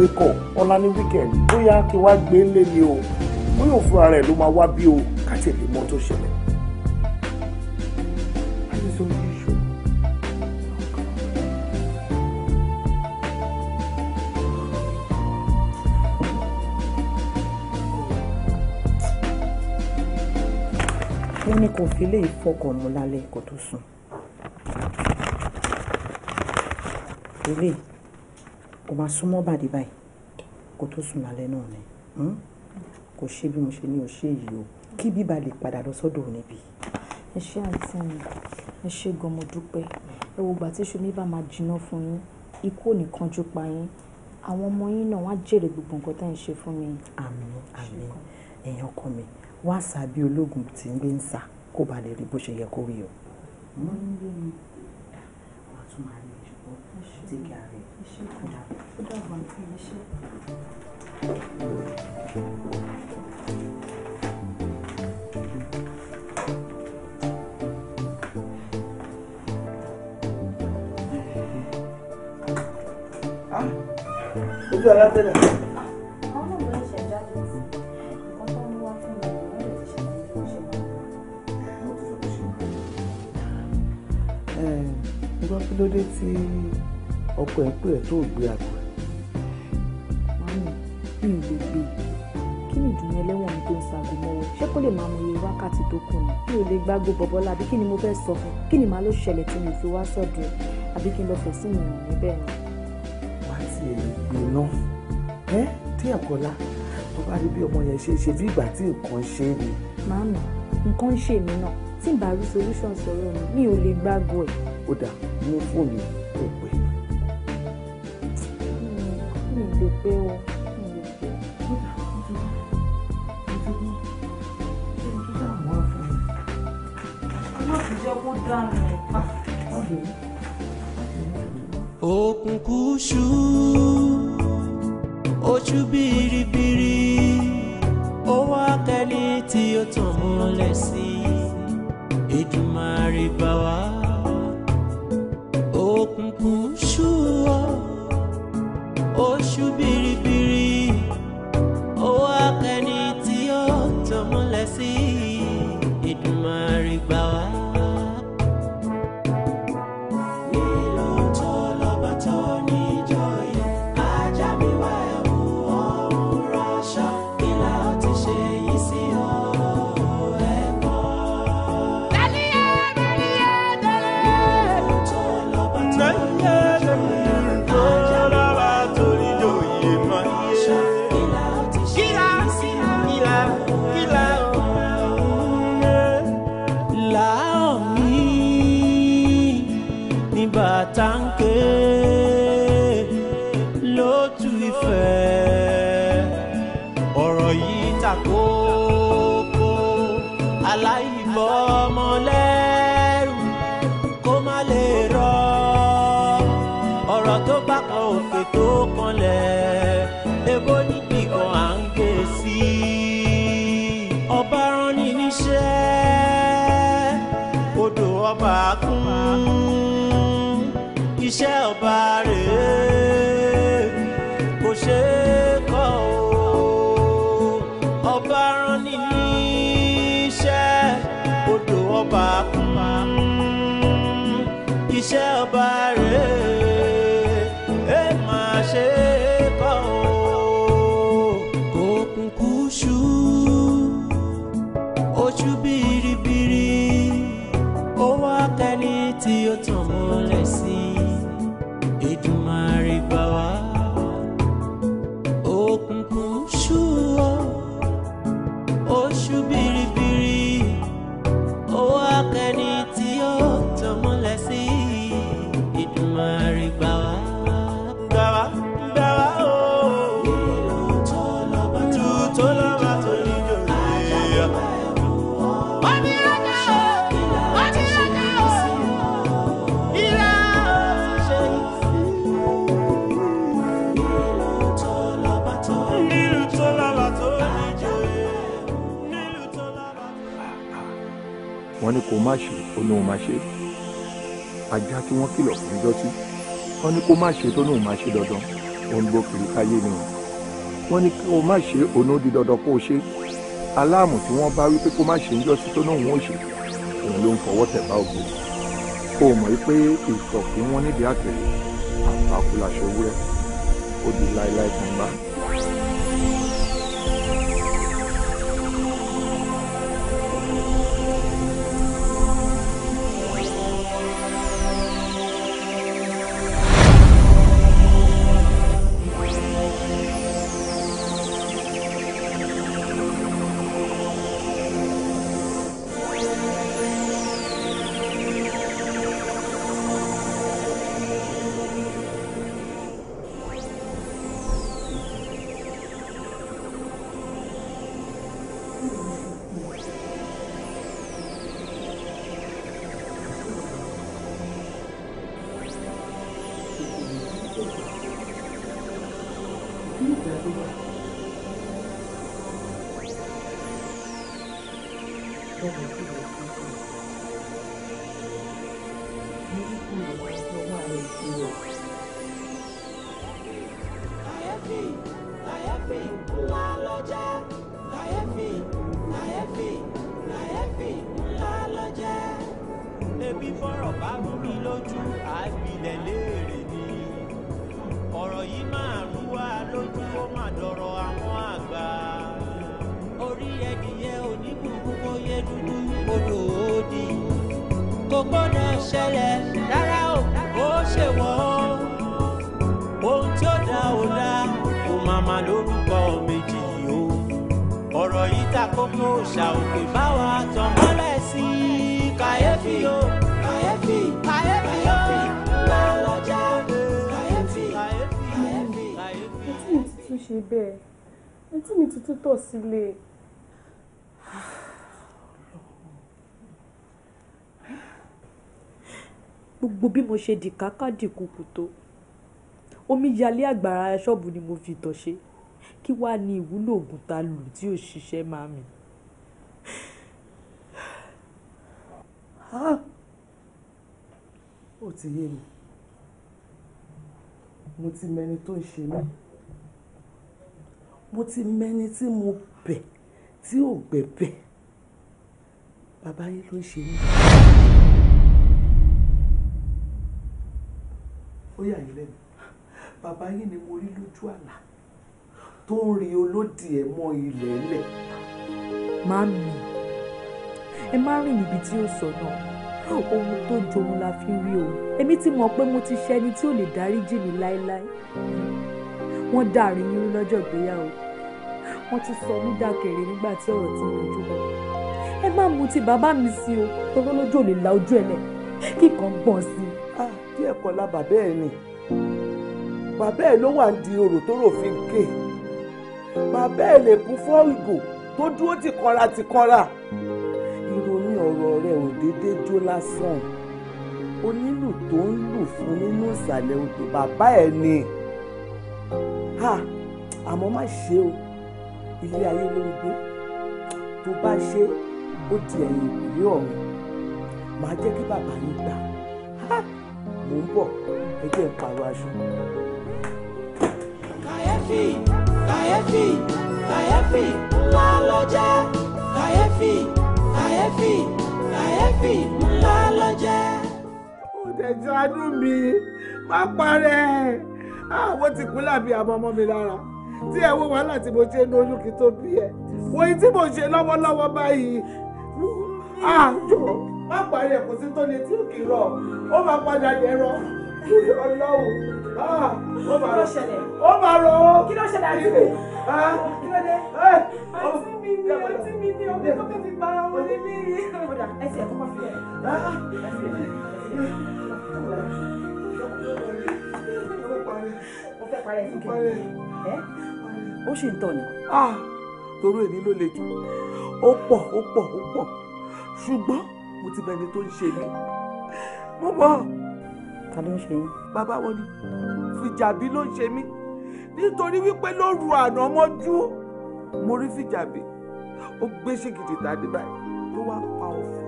wake up ọ̀la ní weekend bóyá kí wá gbé ńlé ni o bóyá òfúra rẹ̀ ló máa wá bí o káti èdè mọ́ tó ṣẹlẹ̀. wọ́n ní kò fi lè fọkàn mú lálẹ́ kó tó sùn. Really? o máa súnmọ́ bàdé báyìí kó tó sùn lálẹ́ náà ni hmm? kò ṣe bí mo ṣe ní òṣè yìí o kí bíbá lè padà lọ sọ́dọ̀ níbi. ẹ ṣé àǹtí mi ẹ ṣé gan mo dúpẹ́ ẹ wo ìgbà tí iṣu mi bá máa jiná fún yín ikú ò ní kánjú pa yín àwọn ọmọ yín náà wá jèrè gbogbo nǹkan tá à ń ṣe fún mi. àmín àmín èèyàn ọkọ mi wá sá bí ológun tí ń gbé ń sá kó ba lè rí bó ṣe yẹ kó rí o. mo ń gbé mi wàá tún máa rí ìṣòro tí kì í ojú ara tẹ́lẹ̀. gbọ́ kí ló dé tí ọkọ ẹ̀ pé ẹ̀ tó gbé àgbà mami kí n lè gbé kí ni ìdùnnú ẹlẹ́wọ̀n mi tó ń sago mọ́wọ́ ṣé kó lè máa mọ iye wákàtí tó kù ni kí o lè gbágbó bọ́bọ́ lábí kí ni mo fẹ́ sọ fún kí ni màá ló ṣẹlẹ̀ tí mi fi wá sọ́dọ̀ ẹ̀ àbí kí n lọ fẹ̀sí mi ràn níbẹ̀ ni. wá sí èyí gbóná ẹ tí ẹ̀kọ́lá tó bá rí bí ọmọ yẹn ṣe ṣe bí ìgbà tí nǹkan ṣe ni. màmá nǹkan ń ṣe mí náà tí n bá rí solution sọ̀rọ̀ mi mi ò lè gbágbó pé wọn kí n lè pè é. Òkùnkùn ṣú biribiri ó wá kẹ́ni tí ó tàn mọ́lẹ̀ sí Èdùmàrè bá wa òkùnkùn ṣú ọ oṣù biribiri owó akẹni tí ó tọmọlẹ sí. má ṣe tó náà má ṣe dandan òun ló kiri káyé ni o wọ́n ní kí o má ṣe òun ó di dandan kó o ṣe aláàmù tí wọ́n bá wí pé kó má ṣe ń yọ sí tó náà wọ́n ò ṣe òun ló ń fọwọ́ tẹ̀ bá ògbó kó o mọ̀ pé ìtọ̀ kí wọ́n nídìí àpapọ̀ làṣẹ wúrẹ́ ó di láéláé kan gbáà. tún tò sílé gbogbo bí mo ṣe dìkáká dìkùkù tó omi yalé àgbàrá ṣọ́ọ̀bù ni mo fi tọ̀ ṣe kí wàá ní ìwúlò ògùn tá lù tí ò ṣiṣẹ́ máa mi. Ah! ó ti yé mi mo ti mẹni tó ń ṣe mí mo ti mẹ́ni tí mo bẹ̀ tí ò gbẹ̀bẹ̀ bàbá yín ló ń ṣe mí. ó yà yín lẹ́nu bàbá yín ni mo rí lójú àlá tó ń rin olódì ẹ̀ mọ́ ilẹ̀ ńlẹ̀. Màmí, ẹ má rìn níbi tí ó sọ náà. Ohun tó jòun la fi rí o. Èmi ti mọ̀ pé mo ti ṣẹni tí ò lè dáríjì mí láéláé wọ́n dàrí yín lọ́jọ́ ìgbéyàwó wọ́n tún sọ mí dákẹ̀rẹ̀ nígbà tí ọ̀rọ̀ ti yanjú lọ ẹ má mu ti bàbá mi sí o tọ́lọ́ lójú ò lè la ojú ẹ lẹ̀ kí kan gbọ̀n sí i. díẹ̀ kọ́ la bàbá ẹ̀ ni bàbá ẹ̀ ló wà ń di orò tó rò fi ké bàbá ẹ̀ lè kú fọ́ ìgò tó dúró tìkanra tìkanra ìrònú ọ̀rọ̀ rẹ̀ ò déédéé jó lásán onílù tó ń lù fún nínú ìsàlẹ̀ odò bàbá ẹ̀ ni àmọ́ má ṣe o ilé ayé ló ń gbé tó bá ṣe ó di ẹ̀yìn ìwé ọ̀run màá jẹ́ kí bàbá yín gbà mò ń bọ̀ ẹ jẹ́ ń pàrọ̀ aṣọ. kàyéfì kàyéfì kàyéfì ńlá ló jẹ́ kàyéfì kàyéfì kàyéfì ńlá ló jẹ́. ó tẹ̀síwájú mi má parẹ́ àwọn ah, ti kú làbí àmọ́ ọmọ mi lára tí ẹ wo wàhálà tí mo ṣe ń lóyún kí tó bí ẹ wo èyí tí mo ṣe lọ́wọ́lọ́wọ́ báyìí àjọ ah, má parí ẹ̀ kò sí tó lè tí ò kì í rọ̀ ó máa padà dẹ̀rọ̀ lórí ọlọ́run ah, ó máa rọ̀ ó máa rọ̀ ó kí ló ṣẹlẹ̀ àti mi kí ló dé eh, àti oh, mi ni àti mi ni ọkọ̀ tó fẹ́ fi pa ọmọ lé ní. ẹsẹ̀ ẹ̀kọ́ kọ́ fi ẹ̀ mo fẹ́ parẹ́ fún kẹ́mi ẹ́ ó ṣì ń tọ̀ ni. torí èmi ló le jù ó pọ̀ ó pọ̀ ó pọ̀ ṣùgbọ́n mo ti bẹni tó ń ṣe mí mo mọ̀. ta ló ń ṣe yín. bàbá wọn ni fìjàbí ló ń ṣe mí nítorí wípé lóru àná mọ́jú mo rí fìjàbí ó gbé ṣèkìtì tàdí báyìí ló wá pa ọ̀fọ̀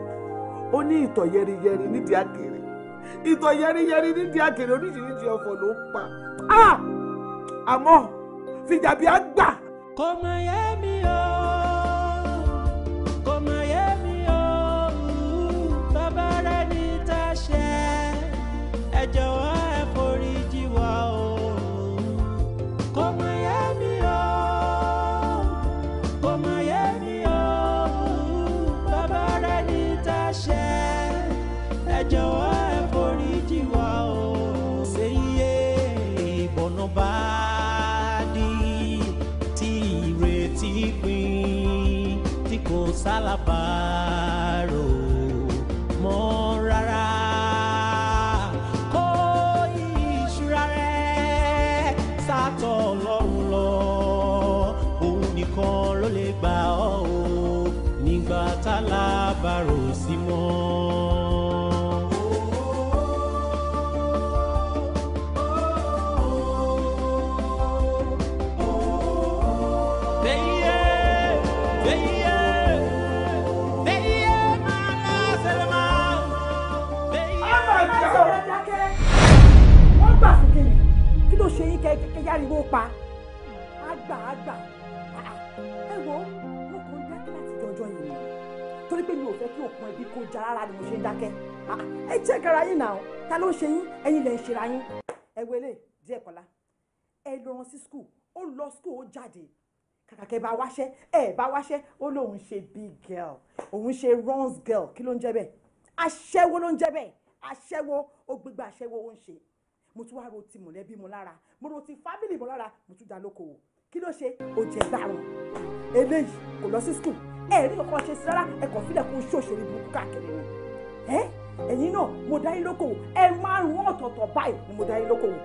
ó ní ìtọ̀ yẹriyẹri nídìí àkèrè ìtọ̀ yẹriyẹri nídìí àkèrè oríṣiríṣi ọ̀fọ̀ ló ń pa ah! àmọ́ fìjàbí á gbà. kò mọ̀ yẹ́ mi o. sí mọ́. Bẹ́yẹ bẹ́yẹ bẹ́yẹ máa ná sẹ́lẹ̀má. Ọmọ ìgbà sọ̀rọ̀ dákẹ́. Wọ́n gbà fún kí ni? Kí ló ṣe yín kẹ́ yáriwo pa? okùn ẹbí kò já rárá ni mo ṣe ń dákẹ́ ah, ẹ jẹ́ kára yín náà ta ló ń ṣe yín ẹ̀yin lẹ̀ ń ṣera yín ẹ wẹlé díẹ̀ kọ́lá ẹ lọ rán sí skul ó lọ skul ó jáde kàkàkẹ́ bá wáṣẹ́ ẹ bá wáṣẹ́ ó lóun ṣe big girl òun ṣe runs girl kí ló ń jẹ́ bẹ́ẹ̀ aṣẹ́wó ló ń jẹ́ bẹ́ẹ̀ aṣẹ́wó ó gbégbá aṣẹ́wó ó ń ṣe mo tún wá ro mọ̀lẹ́bí mo lára mo ro fámìlì mo lára mo tún dá lókòwò kí ló ṣe ó jẹ gbàrún eléyìí kò lọ sí skul ẹ rí ṣe sí rárá ẹ kàn kó ṣòṣèré burúkú káàkiri ni ẹ ẹ̀yin náà mo dá yín lókòwò ẹ márùn ọ̀tọ̀ọ̀tọ̀ báyìí ni mo dá yín lókòwò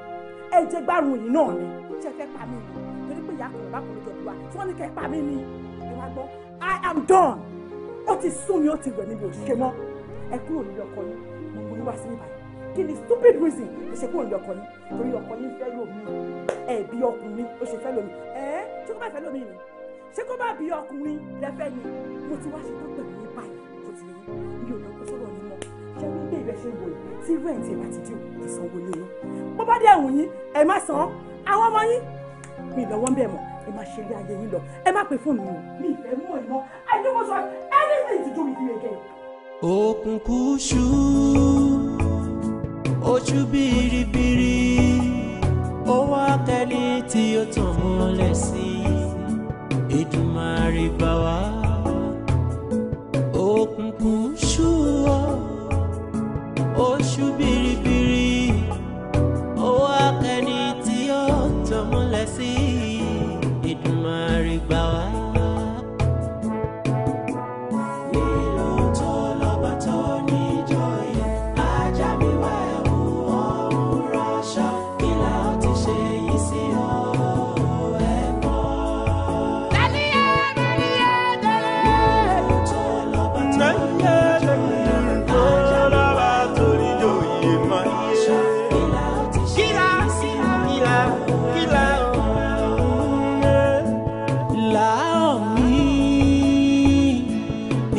ẹ jẹ gbàrún yìí náà ni ṣe fẹ́ pa mí ni torí pé ìyá kan bá kò jọ wá tí wọ́n ní kẹ́ pa mí ni ẹ wá gbọ́ I am done ó ti sún mi ó ti rẹ̀ mi mi ò ẹ kúrò nílé ọkọ yìí mo mú yín wá sí ìbàdàn kí stupid reason kò ṣe kúrò ní ọkọ yín torí ọkọ yín fẹ́ lómi ẹ̀bí ọkùnrin ó ṣe fẹ́ lómi ẹ̀ẹ́ ṣé kó bá fẹ́ lómi ni ṣé kó bá bí ọkùnrin lẹ́fẹ́ ni mo ti wá ṣe tó pẹ̀lú ní báyìí tó ti rí mi ò lọ́kọ́ sọ̀rọ̀ yín mọ́ ṣé wọ́n gbé ìrẹsẹ̀ wò yìí tí rẹ́ǹtì ẹ̀ bá ti dì ò sanwó lé yín bó bá dé ẹ̀wùn yín ẹ̀ má san àwọn ọmọ yín mi lọ́wọ́ ń bẹ̀ mọ́ ẹ má ṣe ilé ayé yín lọ ẹ má pè fóònù mi mi ìfẹ́ mú ìmọ̀ I don't want anything to do with you again. òkùnkùn ṣùgbọ́n ojú biribiri ó wá kẹ́ni tí ó tàn mọ́lẹ̀ sí Èdùmàrè bá wa òkùnkùn ṣú ọ biribiri.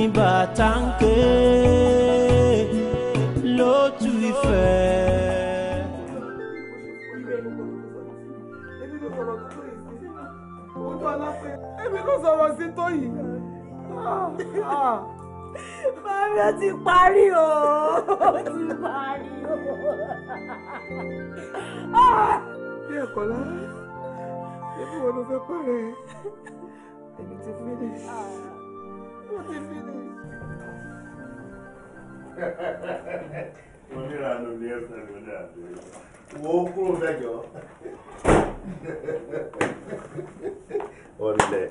ní bàtà ń ké lótú ìfẹ́. èmi ló sọ̀rọ̀ sí tó yìí. Mami ti parí o, ó ti parí o. Bí ẹ̀kọ́ lára, ebi wo ló fẹ́ pààrẹ̀? Èmi ti finish kò ti fi ni. oníranú ni ẹ fẹ́ lórí àgbẹ̀ wo kúrò mẹ́jọ. ọ̀lẹ̀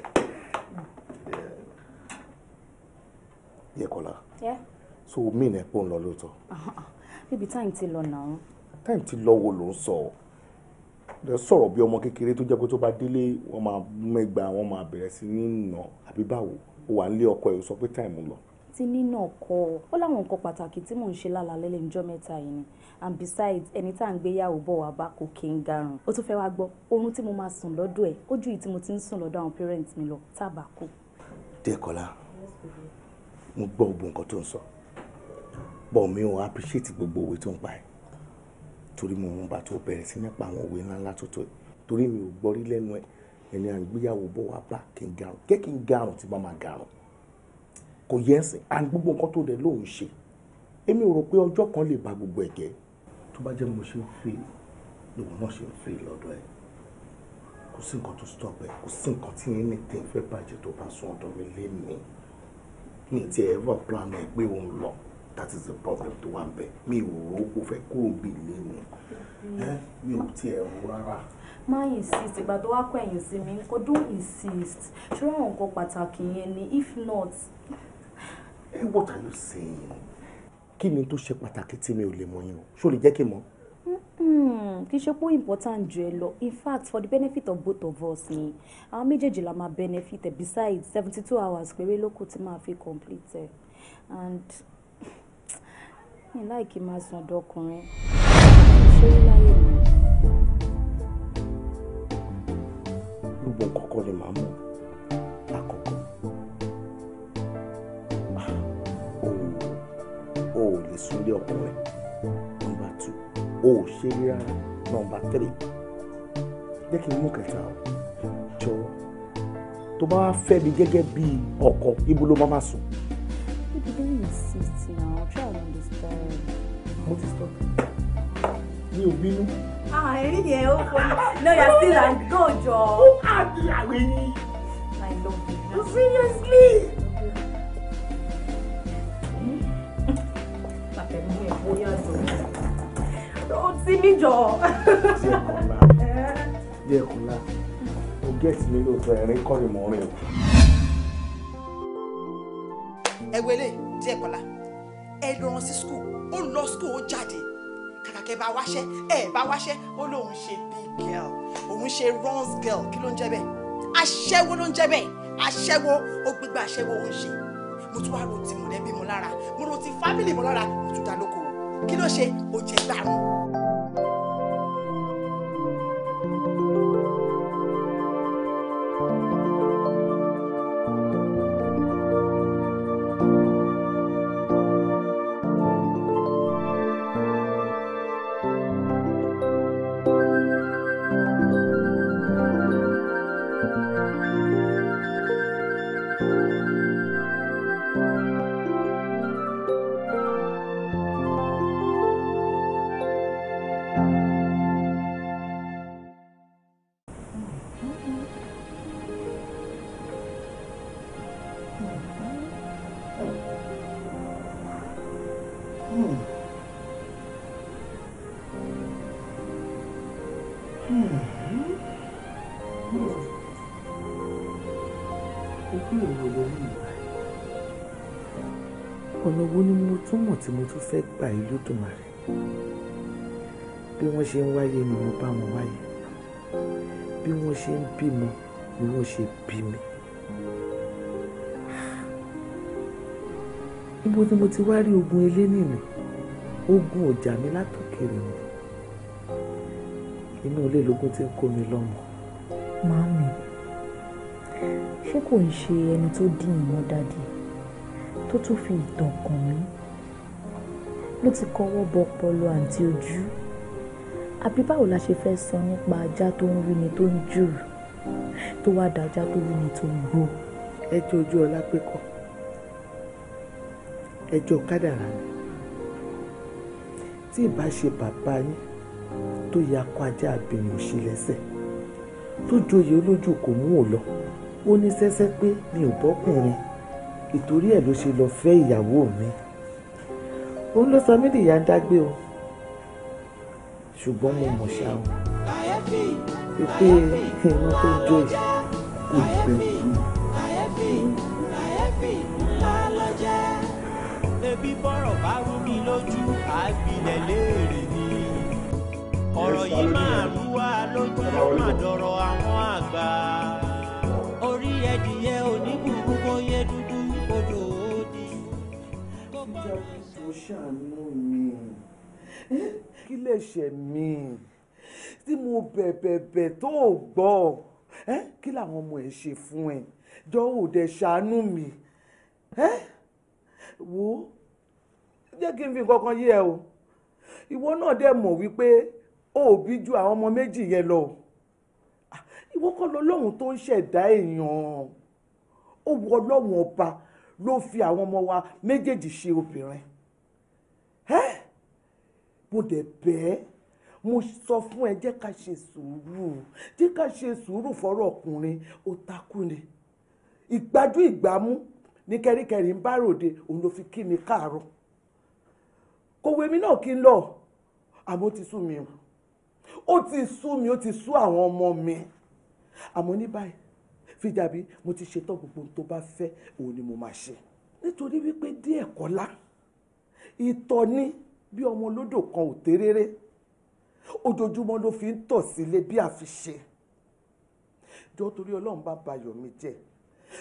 Yẹkọlá so mí ni ẹ pò ń lọ lóòótọ́. níbi táyì ti lọ náà. táyì ti lọ wo ló ń sọ ẹ sọ̀rọ̀ bí ọmọ kékeré tó jẹ́ pé tó bá délé wọ́n máa mẹ́gbàá wọ́n máa bẹ̀rẹ̀ sí ní nà àbí báwo ó wà nílé ọkọ ẹ̀ ó sọ pé táìmù lọ. ti nínú ọkọ ó láwọn nǹkan pàtàkì tí mò ń ṣe lálàálẹ́ lẹ́nu ọjọ́ mẹ́ta yìí ni and besides ẹni tá à ń gbéyàwó bọ̀ wá bá kò kí n garun ó tún fẹ́ wá gbọ́ oorun tí mo máa sùn lọ́dọ̀ ẹ̀ ó ju ìtí mo ti ń sùn lọ́dọ̀ àwọn parents mi lọ tábà kù. Dékọ́lá mo gbọ́ gbogbo nǹkan tó ń sọ bọ́ mi ò appreciate gbogbo òwe tó ń pa ẹ̀ torí mo mú bàtò bẹ̀rẹ̀ sí nípa àwọn òwe ńláńlá tó tó torí mi ò gbọ́rí lẹ́nu ẹ̀ ẹni àgbéyàwó bọ̀ wá bá kí n garun kẹ́ kí n garun tí bá máa garun kò yẹ ẹsẹ̀ and gbogbo nǹkan tó dẹ̀ lóun ṣe èmi rò pé ọjọ́ kan lè ba gbogbo ẹ̀ jẹ́ tó bá jẹ́ mo ṣe ń fi lòun náà ṣe ń fi lọ́dọ̀ ẹ̀ kò sí nǹkan tó stop ẹ̀ kò sí nǹkan tí yín ní tẹ̀ fẹ́ bàjẹ́ tó bá sún ọ̀dọ̀ mi lé mi mi ti ever plan ẹ̀ pé òun lọ that is the problem tó wà ń bẹ̀ mi ò rò ó fẹ́ kó o bì lé mi mi ò tiẹ̀ rò rárá má insist ìgbà tó wá kọ ẹ̀yìn sí mi nǹkan don't insist ṣé àwọn nǹkan pàtàkì yẹn ni if not. Hey, what are you saying? kí ni tó ṣe pàtàkì tí mi ò lè mọ yín o ṣó lè jẹ́ kí n mọ̀. kì í ṣe pé important jù ẹ lọ in fact for the benefit of both of us ni àwọn méjèèjì la máa benefit besides seventy two hours péré ló tí màá fi complete and mi láì kí n máa sùn ọ̀dọ̀ ọkùnrin ṣé láyé gbogbo nǹkan ni màá mọ̀ lákọ̀ọ́kọ́ o ò lè súnlé ọkọ rẹ nọ́mbà tù o ò ṣe rí rárá nọ́mbà tírì jẹ́ kí n mú kẹta o jọ tó bá fẹ́ mi gẹ́gẹ́ bí ọkọ ibo ló má má sùn. you dey insist now try and understand. mo ti stop mi ò bínú. ah ẹ̀rín yẹn ó fọ no you are still an go jọ. ó àbí àwẹ̀ ni. my love you. seriously. bàbá oh, mi yẹn bóyá jọ. ó ti mí jọ. díẹ̀ kúnlá o gẹ̀ẹ́sì mi lóòótọ́ ẹ̀rín kọ́rin mọ́ rìn o. ẹ wẹlé díẹ̀ kọ́lá ẹ lọ rán sí skul ó lọ skul ó jáde kàkẹ́ bá wáṣẹ́ ẹ̀ bá wáṣẹ́ ó lóun ṣe big girl òun ṣe runs girl kí ló ń jẹ́ bẹ́ẹ̀ aṣẹ́wó ló ń jẹ́ bẹ́ẹ̀ aṣẹ́wó ó gbégbá aṣẹ́wó ó ń ṣe mo tún wá ro ti mọ̀lẹ́bí mo lára mo ro ti fámìlì mo lára mo tún dá lóko kí ló ṣe ó jẹ gbàrún. tún fẹ́ gbà yí lódùmarè bí wọ́n ṣe ń wáyé ni mo bá wọn wáyé bí wọ́n ṣe ń bímọ ni wọ́n ṣe bí mi. ibo ni mo ti wá rí ogun eléyìí ni ogun ọjà mi látòkèrè mi inú ilé lógún ti ń kó mi lọ́mọ. Màámi, ṣé kò ń ṣe ẹni tó dín ìmọ̀ dádì tó tún fi ìtàn kàn mí ló ti kọ́wọ́ bọ ọpọlọ àǹtí ojú àbí báwo la ṣe fẹ́ sọ nípa ajá tó ń rí ni tó ń jù tó wá da ajá tó rí ni tó ń gbó. ẹjọ́ ojú ọlá pé kọ́ ẹjọ́ kádàrá ni tí ìbá ṣe bàbá yín tó ya kọ ajá àbẹ̀yìn òṣì lẹ́sẹ̀ tó joyè olójú kò mú ò lọ ó ní sẹ́sẹ́ pé mi ò bọ́kùnrin ìtorí ẹ̀ ló ṣe lọ́ọ́ fẹ́ ìyàwó mi òun ló sọ mí dìyà ń dágbé o ṣùgbọ́n mo mọ̀ ṣá o pípé ìran tó ń jó ìpè ọ̀rọ̀ yìí máa rú wa lójú ló máa dọ̀rọ̀ àwọn àgbà orí ẹdìyẹ onígbùgbùgbò yẹ dúdú odò òdì jọ ṣàánú mi kí lè ṣe mí tí mo bẹ̀bẹ̀bẹ̀ tó o gbọ́ ẹ kí làwọn ọmọ ẹ ṣe fún ẹ jọ ò dẹ̀ ṣàánú mi ẹ wo jẹ́ kí n fi kankan yé ẹ o ìwọ náà dẹ̀ mọ̀ wípé o ò bí ju àwọn ọmọ méjì yẹn lọ ìwọ kọ́ lọ lóhun tó ń ṣẹ̀dá èèyàn ó wọ ọlọ́run ọba ló fi àwọn ọmọ wa méjèèjì ṣe obìnrin ẹ́ mo dẹ̀ bẹ́ẹ̀ mo sọ fún ẹ jẹ́ ká ṣe sùúrù jẹ́ ká ṣe sùúrù fọ́rọ̀ ọkùnrin ó takú ni ìgbájú ìgbámú ní kẹ́ríkẹ́rí ń bá ròde òun ló fi kí mi káàárọ̀ kòwé mi náà kí n lọ àmọ́ ó ti sú mi ó ti sú mi ó ti sú àwọn ọmọ mi àmọ́ ní báyìí fìjàbí mo ti ṣetán gbogbo tó bá fẹ́ òun ni mo máa ṣe nítorí wípé díẹ̀ kọ́lá ìtọ̀ ni bí ọmọ olódò kan ò téréré ojoojúmọ́ ló fi ń tọ̀ sílé bí àfiṣe jọ torí ọlọ́run bá ba ayọ̀ mi jẹ́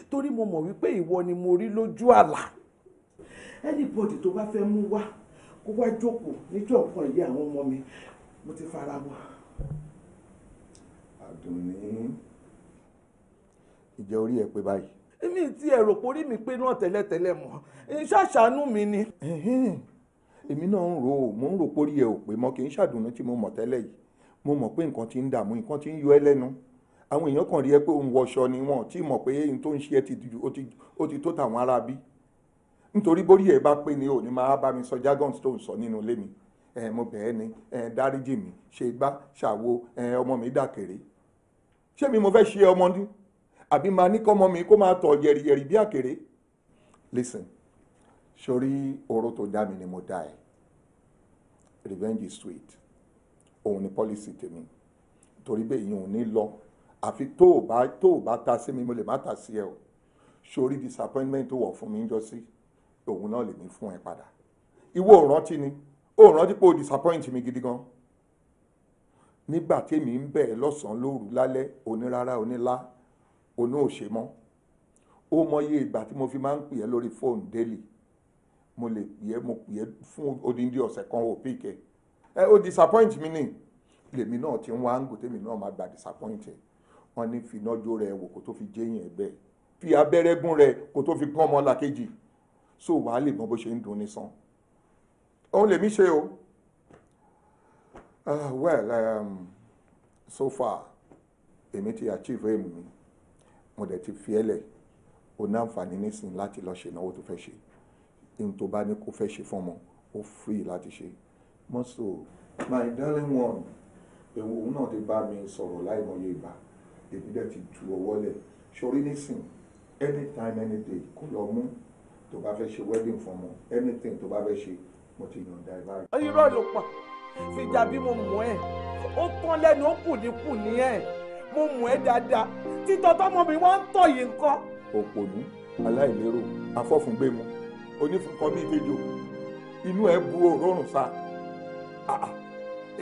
torí mo mọ̀ wípé ìwọ ni mo rí lójú àlá anybody tó bá fẹ́ mú wá kó wá jókòó níjọ́ nǹkan ìyá àwọn ọmọ mi mo ti fara mọ́. àdùnní ìjẹ́ orí ẹ pé báyìí èmi ti ẹ̀rọ porí mi pé náà tẹ́lẹ̀tẹ́lẹ̀ mọ́ ṣàṣàánú mi ni. èmi náà ń ro mò ń ro porí ẹ ò pé mọ kì í ṣàdùnnú tí mo mọ̀ tẹ́lẹ̀ yìí mo mọ̀ pé nǹkan ti ń dààmú nǹkan ti ń yọ ẹ́ lẹ́nu àwọn èèyàn kan rí ẹ pé òun wọṣọ ni wọn tí mọ̀ pé ohun tó ń ṣe ẹ ó ti tó tàwọn ará bí nítorí bórí ẹ bá pé ni ò ní máa bá mi sọ jargon tó ń sọ nínú ilé mi ẹ mo bẹ̀ ẹ́ ni ẹ dáríjì mi ṣe gbá ṣàwo ọmọ mi dàkèrè ṣé mi mo fẹ́ ṣe ọmọdún àbí máa ní kọ́mọ mi kó máa tọ̀ yẹ̀rìyẹ̀rì bí àkèré listen sórí oró tó dá mi ni mo dá ẹ revenge is sweet òun ni policy tèmi torí bẹ́ẹ̀ ìyẹn ò ní lọ àfi tó o bá tó o bá ta sí mi mo lè má ta sí ẹ o sórí disappointment tó wọ̀ fún mi ń jọ sí òun náà lè mí fún ẹ padà ìwọ ò ni ó rántí pé o disappoint mi gidi gan nígbà tèmi ń bẹ̀ lọ́sàn-án lóru lálẹ́ onírárá onílá o náà ṣe mọ́ ó mọyé ìgbà tí mo fi máa ń pè ẹ́ lórí fóònù délì mo lè pè ẹ́ mo pè ẹ́ fún odindi ọ̀sẹ̀ kan ò pè kẹ́ ẹ ó disappoint mi nì lèmi náà ti ń wá ń gò tèmi náà máa gba disappoint ẹ wọn ní fìnájó rẹ wò kó tó fi jẹyìn ẹgbẹ fi abẹ́rẹ́ gún rẹ kó tó fi gún ọmọ làkejì so wàá lè mọ bó ṣe ń dùn ní san òun lèmi ṣe o ah, well um, so far èmi ti achieve aim mi mo dẹ̀ ti fi ẹ́ lẹ̀ o ní àǹfààní nísìnyí láti lọ ṣe ìnáwó tó fẹ́ ṣe ohun tó bá ní kó fẹ́ ṣe fún ọmọ ó free láti ṣe mọ́sọ̀ my darling one ewu òun náà ti bá mi sọ̀rọ̀ láìmọye ìgbà èmi dẹ̀ ti ju ọwọ́ lẹ̀ sórí nísìnyí anytime any day kó lọ mú tó bá fẹ́ ṣe wedding fún ọmọ anything tó bá fẹ́ ṣe mo ti yànda ẹ̀ báyìí. irọ́ ló pa fìjà bí mo mọ̀ ẹ́ ó tán lẹ́nu ó kù ní kù ní ẹ̀ mo mọ̀ ẹ́ dáadáa títọ́ tọ́mọ mi wọ́n ń tọ̀ yìí nǹkan. òpòlú aláìlérò afọ́fúngbẹ́mu onífúnkọ bíi ìbejò inú ẹ bu òórùn sa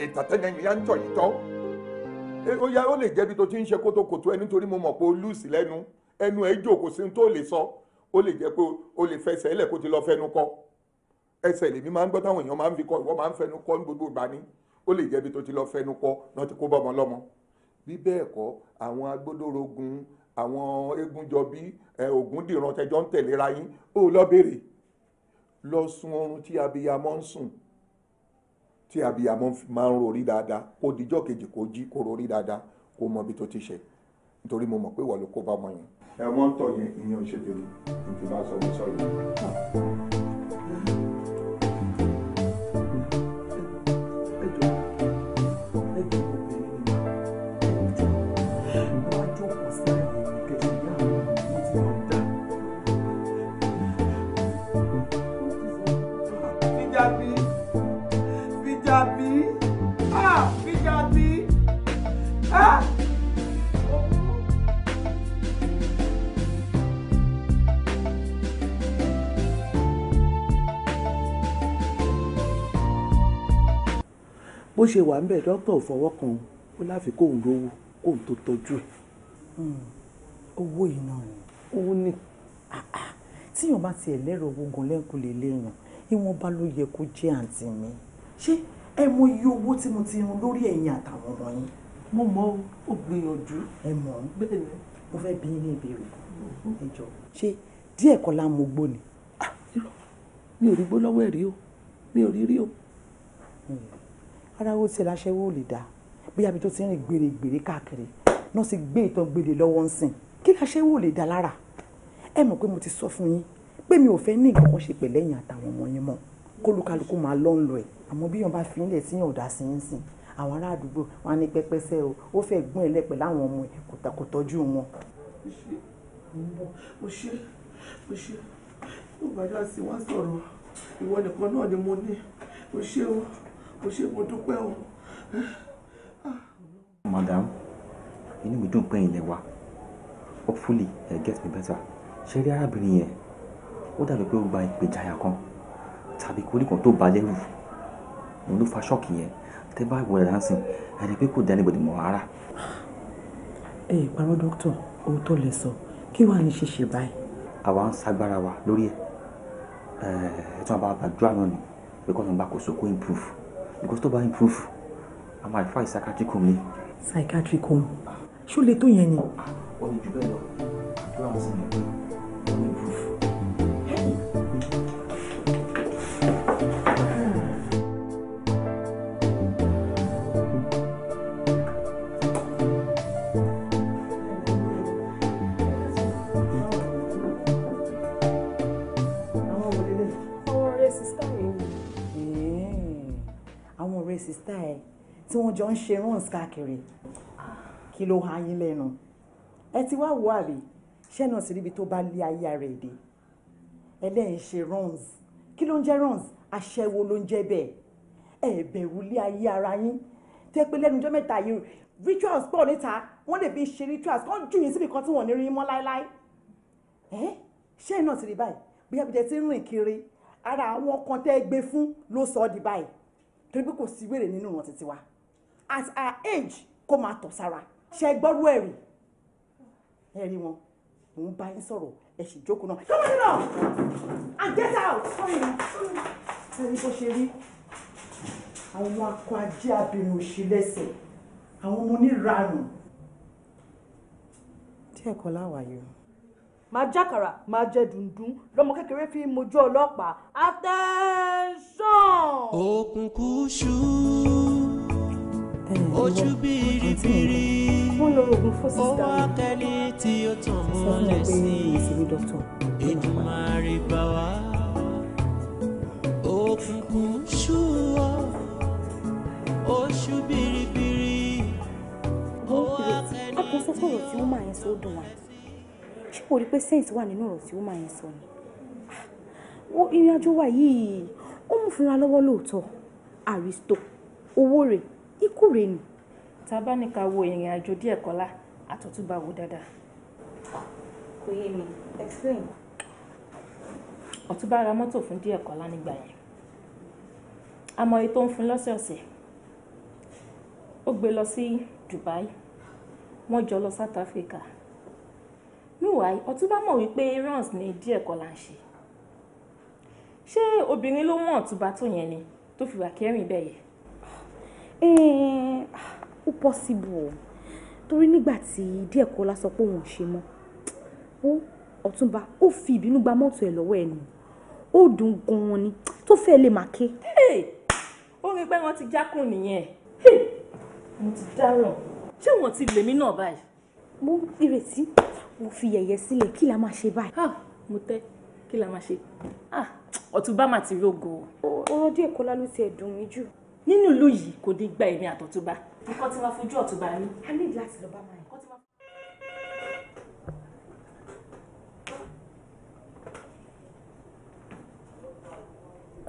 ìtàtẹ́yẹyìn yá ń tọ̀ yìí tọ́ ó yá ó lè jẹ́bi tó ti ń ṣe kótókòtó ẹ nítorí mo mọ̀ pé ó lùsì lẹ́nu ẹnu ẹ jò kò sí tó lè sọ ó lè jẹ́ pé ó lè fẹsẹ̀ ẹlẹ̀ kó ti lọ fẹnu kọ ẹsẹ̀ lèmi máa ń gbọ́ táwọn èèyàn máa ń fi kọ ìwọ máa ń fẹnu kọ ní gbogbo ìgbà ni ó lè jẹ́bi tó ti lọ fẹnu kọ náà ti kó bọ́mọ lọ́mọ bí bẹ́ẹ̀ kọ́ àwọn agbódòrógun àwọn egunjọbí ògúndìran tẹjọ ń tẹ̀léra yín ó lọ béèrè lọ sun oorun tí abiyamọ ń sùn tí abiyamọ máa ń rorí dáadáa kó dijọ́ kejì kó jí kó rorí dáadáa kó mọ ibi tó ti ṣe nítorí mo mọ̀ pé wọ́n ló kó bá ọmọ yẹn. ẹ̀wọ̀n ń tọ̀ yẹn ìyẹn ò ṣe tèmi ìfìbásọ̀rọ̀ sọ̀rọ̀. bó ṣe wà ń bẹ̀ dókítà ò fọwọ́ kan ó láfi kóun lówó kóun tó tọ́jú ẹ̀. Hmm. owó iná ni. owó ni. tíyàn bá tiẹ̀ lẹ́rọ owó gan lẹ́kùnlé léèyàn ìwọ̀nba ló yẹ kó jẹ́ àǹtí mi ṣé ẹ mọ iye owó tí mo ti run lórí ẹ̀yìn àtàwọn ọmọ yín. mo mọ ó gbìyànjú. ẹ mọ̀ ọ́n bẹ́ẹ̀ ni. mo fẹ́ bí ní ìbéèrè ẹ jọ. ṣé díẹ̀ kọ́ la gbó ni. Ah, mi ò rí gbó ẹ̀ rí o mi ò rí rí o aráwó tiẹ̀ láṣẹ́wó ò lè dá bí abi tó ti rìn gbèrè gbèrè káàkiri náà sì gbé ìtàn gbèrè lọ́wọ́ ń sìn kí láṣẹ́wó ò lè dá lára ẹ mọ̀ pé mo ti sọ fún yín pé mi ò fẹ́ ní nǹkan kan ṣe pẹ̀lẹ́yìn àtàwọn ọmọ yín mọ́ kólúkálukú máa lọ́ ń lọ ẹ̀ àmọ́ bí yàn bá fi ilẹ̀ sí ọ̀dà sí ń sìn àwọn ará àdúgbò wọn á ní pẹ́pẹ́sẹ́ o ó fẹ́ gún ẹ̀lẹ́ pẹ̀lú àwọn ọmọ ẹ̀ kò tọ́jú wọn. mo ṣe mo ṣe mo gbàdúrà sí wọn sọ̀rọ̀ ìwọ nìkan náà ni mo ní mo ṣe o mo ṣe mo dúpẹ́ o. madam inú mi dùn pé ilé wa hopefully ẹ get me better ṣe rí arábìnrin yẹn ó dàbí pé ó gba ìpèjáyà kan tàbí kórìí kan tó bá lẹ́rù òun ló fa ṣọ́ọ̀kì yẹn tẹ́ bá gbọ́dọ̀ dáńsìn ẹni pé kò dání gbọ́dọ̀ mọ̀ rárá. ẹ ìparọ́ dókítà òótọ́ lẹ sọ kí wàá ní ṣíṣe báyìí. àwa ń sagbára wa lórí ẹ ẹ tí wọn bá gbàdúrà náà ni pé kọ́ńtà ń bá kò sókó improve because tó bá improve a máa fa psychiatric home ni. psychiatric home ṣó le tó yẹn ni. Ah, ó lè lọ tó àwọn sí mi. sista ẹ tí wọ́n jọ ń ṣe runs káàkiri kí ló ha yín lẹ́nu ẹ ti wá wo àbí ṣẹ́ náà sì ríbi tó bá lé ayé ara ẹ̀ dé ẹlẹ́yìn ṣe runs kí ló ń jẹ́ runs aṣẹ́wó ló ń jẹ́ bẹ́ẹ̀ ẹ bẹ̀rù lé ayé ara yín tẹ́ pé lẹ́nu ọjọ́ mẹ́ta yìí rituals pọ̀ níta wọ́n lè fi ṣe rituals kán jù yín síbi kan tí wọ́n ní rí mọ́ láéláé ẹ ṣẹ́ náà ti rí báyìí bí ẹ ti rìn kiri ara àwọn kan tẹ́ gbé fún ló sọ ọ́ di báyìí torí pé kò sí wèrè nínú wọn títí wa at our age kó máa tọ̀ sára ṣe é gbọ́rú ẹ̀rì ẹ̀rí wọn òun bá yín sọ̀rọ̀ ẹ̀ sì jókòó náà come on now and get out ẹni bó ṣe rí àwọn akọ ajé abirùn òṣì lẹ́sẹ̀ àwọn ọmọ oníranù díẹ̀ kọ́ láwàá yìí máa jákàrà máa jẹ dùndún lọ́mọ kékeré fi mojú ọlọ́pàá attention. òkùnkùn ṣú ojú biribiri owó akẹ́lí tí ó tàn mọ́lẹ̀ sí Èdùmàrè bá wa òkùnkùn ṣú ọ oṣù biribiri owó akẹ́lí tí ó tàn mọ́lẹ̀ sí Èdùmàrè bá wa ṣé kò rí pé sense wà nínú ọ̀rọ̀ tí ó máa yẹn sọ ni wo ìrìn àjò wa yìí ó mú fúnra lọ́wọ́ lóòótọ́ àrísítò owó rẹ̀ ikú rẹ̀ nù. tá a bá ní ká wo ìrìn àjò díẹ̀ kọ́lá àtọ̀tún bá wo dáadáa. kò yé mi explain. ọ̀túnba ra mọ́tò fún díẹ̀ kọ́lá nígbà yẹn àmọ́ èyí tó ń fún lọ́sẹ̀ọ̀sẹ̀ ó gbé lọ sí Dubai wọ́n jọ lọ South Africa meanwhile ọtúbà mọ̀ wípé runs ní díẹ̀ kọ́ là ń ṣe ṣé obìnrin ló mọ̀ ọ̀túbà tó yẹn ni tó fi wà kẹrin bẹ́ẹ̀ yẹ. Eh, ah, ó pọ́sibù o torí nígbà tí díẹ̀ kọ́ la sọ pé òun ò ṣe mọ́ ó ọ̀túnba ó fi ìbínú gba mọ́tò ẹ̀ lọ́wọ́ ẹ̀ nù ó dùn gan-an ni tó fẹ́ lè máa ké. ó rí i pé wọ́n ti jákùn nìyẹn mo ti dáràn ṣé wọ́n ti lèmi náà báyìí. mo ìrètí mo fi yẹ̀yẹ́ sílẹ̀ kí la máa ṣe báyìí. ah mo tẹ́ kí la máa ṣe ah ọ̀túnba mà ti rógo. ọ̀rọ̀ díẹ̀ kọ́lá ló ti ẹ̀dùn mi jù. nínú ìlú yìí kò ní gba èmi àtọ̀túnba. nǹkan tí wàá fojú ọ̀túnba ní. a ní láti lọ bá máa yẹ.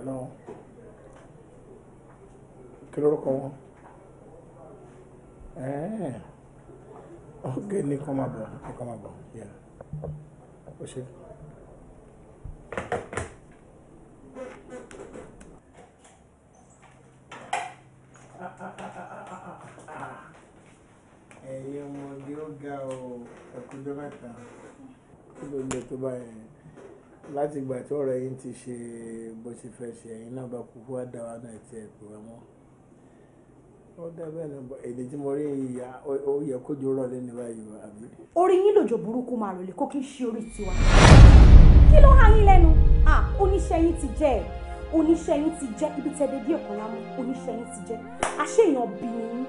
Hello. Kí lorúkọ wọn? ok ní kọ́ máa bọ̀ ní kọ́ máa bọ̀ ó ṣe. ẹ̀yin ọmọdé ó ga ọ ẹ̀kújọ́ mẹ́ta kí ló lè tó báyìí láti ìgbà tí ọ̀rọ̀ yín ti ṣe bó ṣe fẹ́ ṣe ẹ̀yin náà bá kúkú wá dá wa náà ti ẹ̀ ó dẹ́bẹ̀ náà bọ̀ èdè tí mo rí ìyá ó yẹ kójú rọ̀lẹ́ ní báyìí wa àbí. orí yín lòjò burúkú máa rọlẹ̀ kó kí n ṣe orí tiwa kí ló há yín lẹ́nu oníṣẹ́ yín ti jẹ́ ẹ̀ oníṣẹ́ yín ti jẹ́ ibi tẹ́ dédé ẹ̀kọ́ lámú oníṣẹ́ yín ti jẹ́ àṣé èèyàn bí ni yín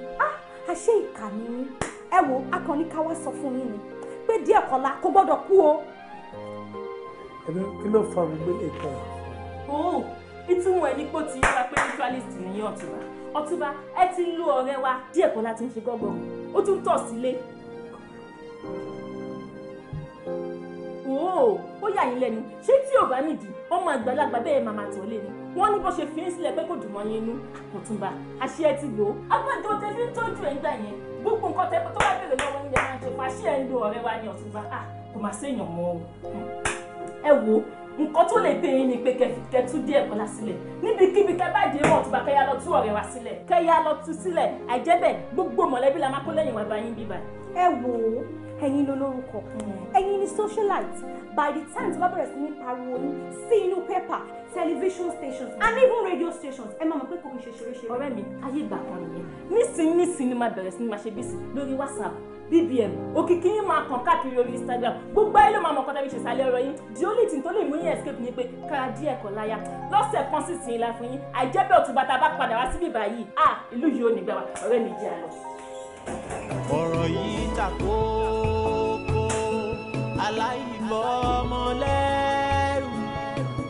àṣé ìkà ni yín ẹ wo akọni ká sọ fún yín ni pé díẹ̀ kọ́lá kò gbọ́dọ̀ kú o. ẹbí kí ló fa gbogbo ètò ẹ. o ìtumọ̀ ẹ̀ nípò tí yíra pé mutualist ni yín ọ̀tún náà ọtúnba ẹ ti ń lo ọ̀rẹ́ wa díẹ̀ kan láti ń ṣe gọ́gọ́ ó tún tọ̀ sílé. òó ó yà yín lẹ́nu ṣé tí ò bá nìdí ọmọ àgbàlagbà bẹ́ẹ̀ màmá tọ́ lé ni wọ́n ní bó ṣe fi ń sílẹ̀ pé kò dùn mọ́ yín inú ọtúnba àṣẹ ẹ ti lò ó agbájọ tẹ fi ń tọ́jú ẹ̀ ń gbà yẹn gbogbo nǹkan tẹ tó bá bèrè lọ́wọ́ yín máa ń ṣe fàṣẹ ẹ̀ ń lo ọ̀rẹ́ wa ni ọtúnba ah, kò má séèyàn mọ́ nǹkan tó lè tẹ̀yìn ni pé kẹtù díẹ̀ kọ́lá sílẹ̀ níbikíbi kẹ bá dé wọn tùbà kẹyà lọ tú ọ̀rẹ́ wa sílẹ̀ kẹyà lọ tú sílẹ̀ àìjẹ́bẹ̀ gbogbo mọ̀lẹ́bí la máa kó lẹ́yìn wá báyìí bíbá. ẹ wò ó ẹ̀yin ló lórúkọ hmm. ẹ̀yin ni socialite by the time tí wọ́n bẹ̀rẹ̀ sí ní pariwo ní sí inú pépà television stations and even radio stations ẹ máa mọ̀ pé kò ń ṣe ṣeré ṣeré. ọ̀rẹ́ mi ayé ìgbà kan nìyẹn nísìnyí nísìnyí ni máa bẹ̀rẹ̀ sí ní máa ṣe bísí lórí whatsapp bbm òkìkí yín máa kàn káàkiri orí instagram gbogbo ayé ló máa mọ̀ kọ́tà bí ṣe sálẹ̀ yín the only thing tó lè mú yín escape ni pé kára díẹ̀ kọ́ láyà lọ́sẹ̀ kan sì ilá fún yín àìjẹ́bẹ̀ òtúbà tá a bá padà wá síbí báyìí à ìlú yìí ò ní gbà wá ọ̀rẹ́ mi jẹ́ àlọ́. ọ̀rọ̀ yìí ta kókó aláìbọ̀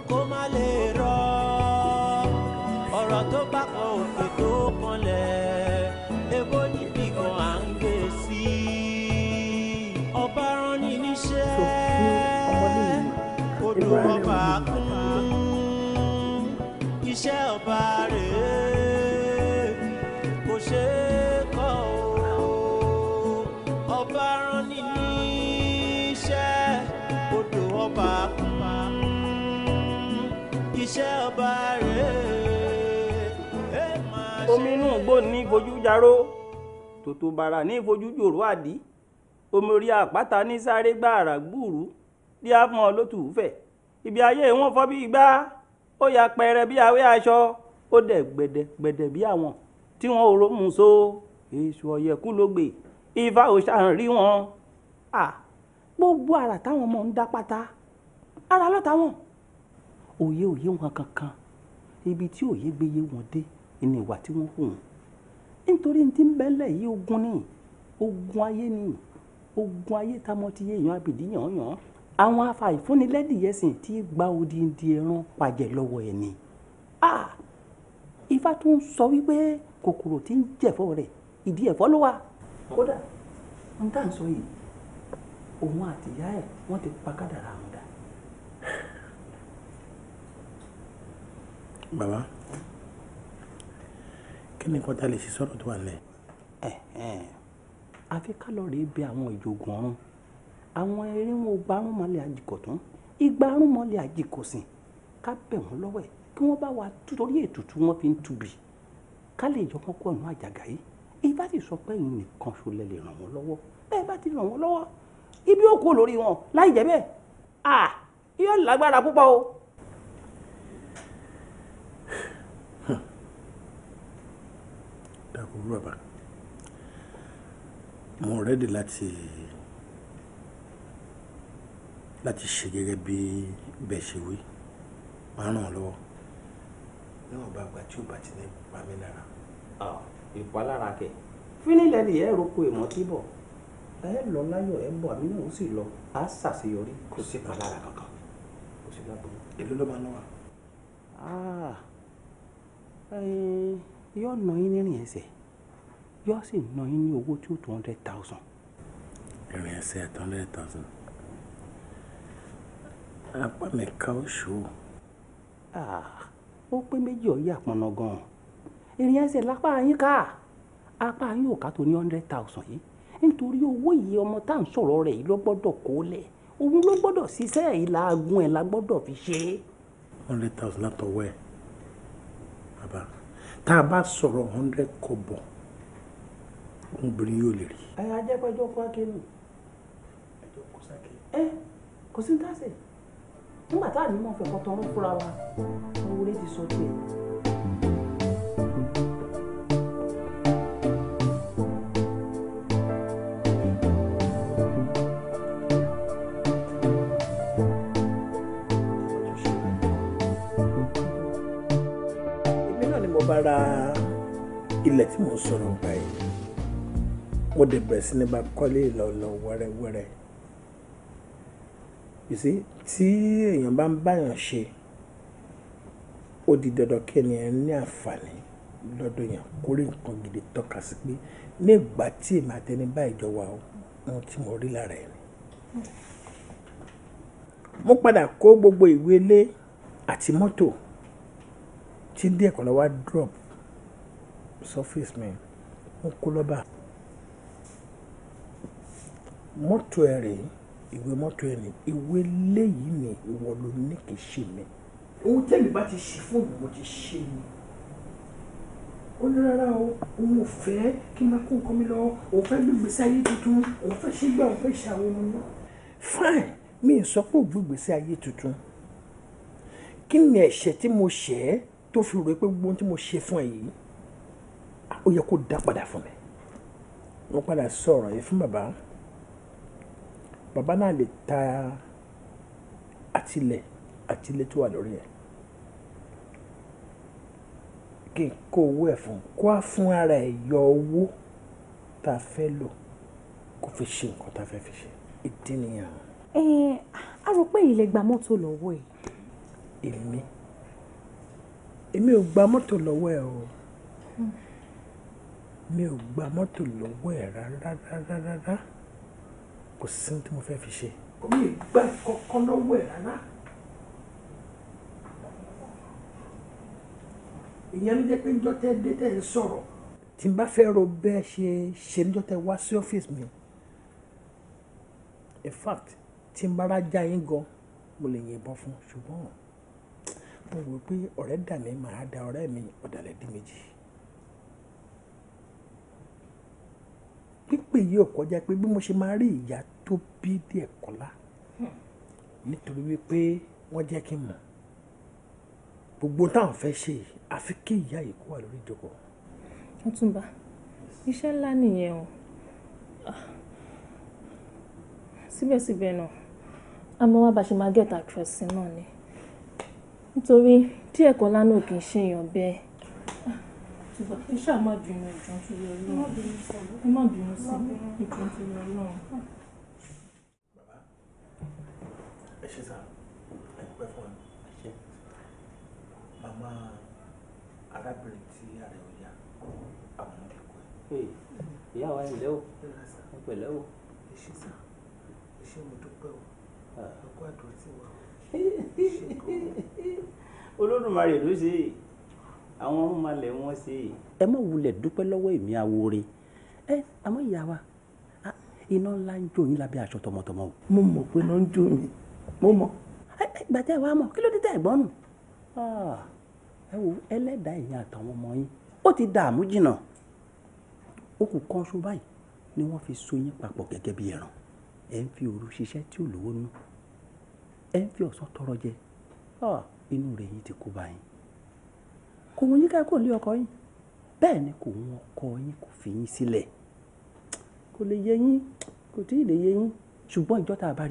kó má lè rọ ọ̀rọ̀ tó bá kan tó kanlẹ̀. iṣẹ́ ọba rèé kò ṣe é kọ́ o ọba rán ni níṣẹ́ odò ọba pa iṣẹ́ ọba rèé. omi inú igbó ní fojú tòtò bàrà ní fojú àdí omi orí àpáta ní sáré gbàrà gbùrú díàfọn lótùúfẹ ibi ayé wọn fọ bí gbá ó ya pẹrẹ bí awé aṣọ ó dẹ̀ gbẹ̀dẹ̀ gbẹ̀dẹ̀ bí àwọn tí wọ́n ò rómù so èṣù ọ̀yẹ̀kú ló gbè ifá ò ṣàn rí wọn à gbogbo ara táwọn ọmọ ń dá pátá ara lọ́ta wọn òye òye wọn kankan ibi tí òye gbé yé wọn dé ni ìwà tí wọ́n hù nítorí tí ń bẹ́lẹ̀ yìí ogun ni ogun ayé ni ogun ayé tamọ́tí yé èèyàn abìdí yàn yàn àwọn afàìfúnnilẹ́dìyẹsìn tí gba odindi ẹran pàjẹ́ lọ́wọ́ ẹ̀ ni ah! ifá tún sọ wípé kòkòrò tí ń jẹ̀fọ́ rẹ̀ ìdí ẹ̀fọ́ ló wà. kódà n tá à ń sọ yìí òun àti ìyá ẹ̀ wọ́n ti pa kádàrá àwọn dà. bàbá kí ni kọjá lè ṣe sọ̀rọ̀ tó wà nílẹ̀. àfi ká lọ rèé bẹ àwọn ìjògùn ọ̀run àwọn erin wo gbarún mọ́lẹ̀ àjìkọ̀tún igbarún mọ́lẹ̀ àjìkọ̀sìn ká bẹ̀ wọ́n lọ́wọ́ ẹ̀ kí wọ́n bá wa torí ètùtù wọn fi ń tubì ká lè yọ wọn kó ọ̀nà àjàgà yìí èyí bá sì sọ pé ẹ̀yin nìkan ṣọlẹ̀ lè ràn wọ́n lọ́wọ́ bẹ́ẹ̀ bá ti ràn wọ́n lọ́wọ́ ibi ó kó lórí wọn láì jẹ́ bẹ́ẹ̀ à yóò lágbára púpọ̀ o. dàkúrú bàbá mo rẹ́dì láti. Si láti ṣe gẹ́gẹ́ bí bẹ́ẹ̀ ṣe wí máa ràn án lọ́wọ́. níwọ̀n bá gba tí ó bá ti ní pa mí lára. ìpalára kẹ fínilẹ̀ ni ẹ roko ìmọ̀ tí bọ̀ ẹ lọ láyọ̀ ẹ bọ̀ àmì náà ó sì lọ á ṣàṣeyọrí kò sí ìpalára kankan kò sí lágbóná. èló ló máa ná wa. yóò ná yín nírìn ẹsẹ̀ yóò sì ná yín ní owó tí ó tó hundred thousand. ìrìn ẹsẹ̀ hundred thousand apá mi ká oṣù. Ah, ó pé méjì ọ̀yẹ́ àpọ̀nà gan-an èrè ẹsẹ̀ lápá yín ká apá yín ò ká tó ní hundred thousand yìí nítorí owó yìí ọmọ tá à ń sọ̀rọ̀ rẹ̀ yìí ló gbọ́dọ̀ kó lẹ̀ òun ló gbọ́dọ̀ ṣiṣẹ́ ìlàgùn ẹ̀ la gbọ́dọ̀ fi ṣe. hundred thousand látọwọ́ ẹ̀ bàbá tá a bá sọ̀rọ̀ hundred kọ̀bọ̀ obìnrin yóò lè rí. ẹ ajẹ́pẹ́jọ́ fún akéwì. ẹjọ́ kò sáké. ẹ kò sí ní tá nígbà tá à ní mọ̀ fọkàn tọrọ fúnra wa owóore ti sọ tiẹ̀. bára ilẹ̀ tí mo sọ̀rọ̀ gbà yìí mo dẹ̀ bẹ̀rẹ̀ sí ní bá kọ́lé lọ wẹ́rẹ́wẹ́rẹ́ you see tí èèyàn bá ń báyàn ṣe ó di dandan kí ènìyàn ní àǹfààní lọ́dọ̀ yẹn kó rí nǹkan gidi tọ́ka sí pé ní ìgbà tí èmi àtẹni báyìí jọ wà tí mo rí lára ẹ̀ ni. mo padà kó gbogbo ìwé ilé àti mọ́tò tí díẹ̀ kan lọ́wọ́ drop surface mi mo kó lọ́ba mọ́tò ẹ̀ rèé ìwé mọ́tò ẹ̀ ní ìwé léyìí ni ìwọ ló ní kì í ṣe mi. ohun tẹ́mi bá ti ṣe fún òun mo ti ṣe ni ó ní rárá o òun ò fẹ́ kí n máa kó nǹkan mi lọ òun fẹ́ gbégbèsè ayé tuntun òun fẹ́ ṣe gbà òun fẹ́ ṣàwọn ọmọ náà. fine mi ì sọ pé ò gbégbèsè ayé tuntun kí ni ẹ̀ṣẹ̀ tí mo ṣẹ̀ ẹ́ tó fi rò pé gbogbo ohun tí mo ṣe fún ẹ yìí ó yẹ kó dá padà fún mi. mo padà sọ ọ̀rọ̀ yìí fún bàbá bàbá náà lè ta àtìlẹ̀ àtìlẹ̀ tó wà lórí ẹ̀ kí n kó owó ẹ̀ fún kó a fún ara ẹ̀ yọ owó tá a fẹ́ lò kó fi ṣe nǹkan tá a fẹ́ fi ṣe ìdí nìyẹn. ẹ ẹ a rò pé èyí lè gba mọ́tò lọ́wọ́ ẹ̀. èmi èmi ò gba mọ́tò lọ́wọ́ ẹ̀ o hmm. mi ò gba mọ́tò lọ́wọ́ ẹ̀ rárá rárá rárá kò sí ohun tí mo fẹ́ fi ṣe. omi ìgbà kọ́kọ́ lọ́wọ́ ẹ̀ rárá. ìyẹn ló jẹ́ pé njọ́ tẹ́ dé tẹ́ ń sọ̀rọ̀. tí n bá fẹ́ ro bẹ́ẹ̀ ṣe ṣe njọ́ tẹ́ wá sí ọ́fíìsì mi in fact tí n bá rájà yín gan mo lè yìnbọn fún ṣùgbọ́n mo wò pé ọ̀rẹ́ dà mí màá da ọ̀rẹ́ mi ọ̀dàlẹ̀ di méjì. pípè yìí ò kọjá pé bí mo ṣe máa rí ìyá tó bí díẹ̀ kọ́lá nítorí wípé wọ́n jẹ́ kí n mọ̀ gbogbo táwọn fẹ́ ṣe àfi kí ìyá yìí kó wà lórí ìjókòó. ọ̀túnba iṣẹ́ ńlá nìyẹn o síbẹ̀síbẹ̀ náà a máa wá bá ṣe máa get actress náà ni nítorí díẹ̀ kọ́lá náà kì í ṣèyàn bẹ́ẹ̀ ṣùgbọ́n ẹ ṣáà má bínú ìjọ tó yọ lọ́rùn ẹ má bínú sí ìjọ tó yọ lọ́rùn. bàbá ẹ ṣe sá ẹ pẹ fún ẹ ṣe màmá arábìnrin tí ààrẹ ò yá àwọn ọmọdé kọ ẹ. ìyá wa ẹ lẹ́wọ̀ ẹ pẹ̀lẹ́ o. ẹ ṣe sá ẹ ṣe mo dúpẹ́ o ah. ẹ kó àdúró sí wa. olódùmarè ló ṣe é àwọn ọmọ alẹ̀ wọn ṣe. ẹ má wulẹ̀ dúpẹ́ lọ́wọ́ èmi awore ẹ àmọ́ ìyá wa iná ńlá ń jó yín lábẹ́ aṣọ tọmọtọmọ o. mo mọ̀ pé iná ń jó mi mo mọ̀. ìgbà tẹ́ ẹ wá mọ̀ kí ló dé tẹ́ ẹ nù. ẹ wo ẹlẹ́dàá ẹ̀yìn àtàwọn ọmọ yín ó ti dààmú jìnnà ó kù kan ṣo báyìí ni wọ́n fi so yín papọ̀ gẹ́gẹ́ bí ẹran ẹ ń fi òru ṣiṣẹ́ tí ò lówó nù ẹ ń fi ọ̀sán tọrọ jẹ inú rẹ̀ yín ti kú báyìí kò wọ́n yín ká kò lé ọkọ yín bẹ́ẹ̀ ni kò wọ́n ọkọ yín kò fi yín sílẹ̀ kò lè yé yín kò tí ì lè yé yín ṣùgbọ́n ìjọ tá a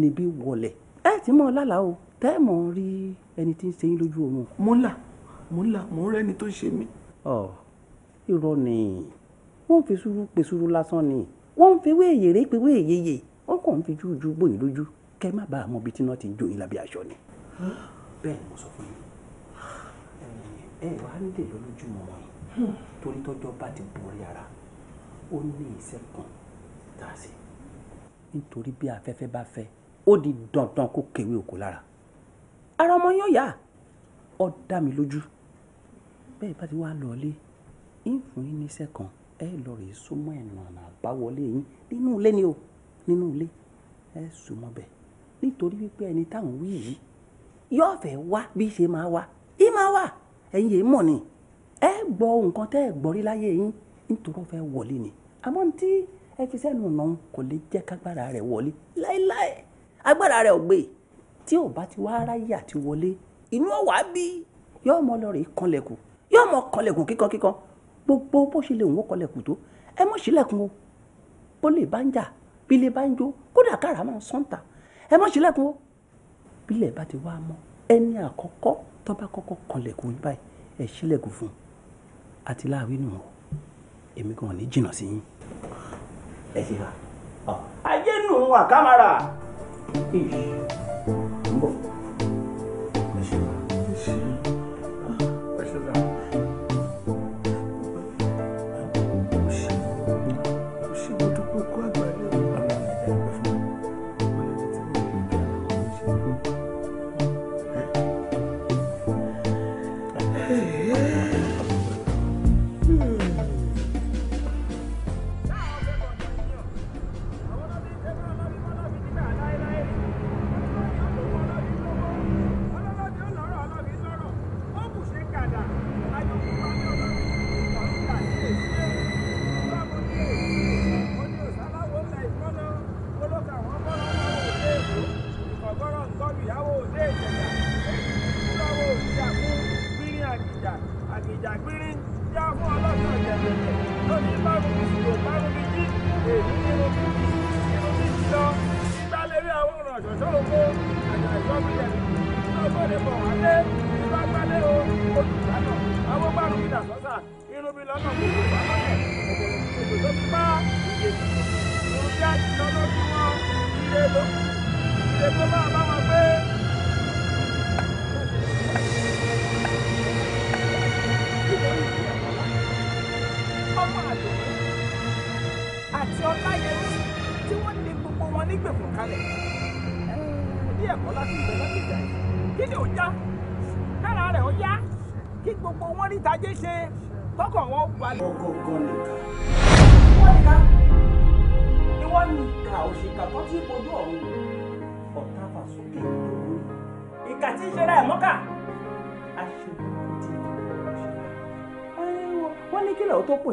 níbi wọlé ẹ ti mọ̀ lálàá o tẹ́ mọ̀ rí ẹni tí ń ṣe yín lójú oorun. mo ń là mo ń là mo ń rẹ́ni tó ṣe mí. ọ irọ́ ni wọ́n fi sùúrù pè sùúrù lásán ni wọ́n fi wéèyè rè pé wéèyè yè wọ́n kàn ń fi jújú bòyìn lójú kẹ́ má bàa mọ ibi tí wọ́n ti jó yín lábẹ́ aṣọ ni. bẹ́ẹ̀ ni mo sọ fún yín ẹ wàá ń dè lọ́lójúmọ́ wọn hmm. torí tọ́jọ́ bá ti borí ara ó ní iṣẹ́ kan tá a ṣe nítorí bí afẹ́fẹ́ bá fẹ́ ó di dandan kó kéwé òkú lára ara ọmọ yóò yá ọ dá mi lójú bẹ́ẹ̀ bá ti wá lọ́ọ́lé ìfún yín níṣẹ́ kan ẹ lọ rèé súnmọ́ ẹ̀nà àbáwọlé yín nínú ilé ni o nínú ilé ẹ súnmọ́ bẹ́ẹ̀ nítorí wípé ẹni táwọn wí yìí yóò wá bí ṣe máa wá í máa wá ẹ̀yin yìí mọ̀ ni ẹ gbọ́ nǹkan tẹ́ ẹ gbọ́ rí láyé yín nítorí fẹ́ wọlé ni àmọ́ tí ẹ fi sẹ́nu ọ̀nà kò lè jẹ́ kágbára rẹ̀ wọlé láéláé agbára rẹ̀ ò gbé tí ò bá ti wá ráyè àti wọlé inú ọ̀wá bí yóò mọ lọ rè kanlẹ̀kùn yóò mọ kanlẹ̀kùn kíkan kíkan gbogbo bó ṣe lè wọ́n kanlẹ̀kùn tó ẹ mọ̀ sílẹ̀kùn o bó lè bá ń jà bí lè bá ń jó kódà kára máa ń sọ́ǹtà ẹ mọ̀ sílẹ̀kùn o bílẹ̀ bá ti wá mọ́ ẹni àkọ́kọ́ tó bá kọ́kọ́ kanlẹ̀kùn yín báyìí ẹ ṣílẹ̀kùn fún un àti láàrin nù èmi gan ní jìnnà sí yín. ẹ ṣe wa. ayé nù wà kámárà. ń bọ̀.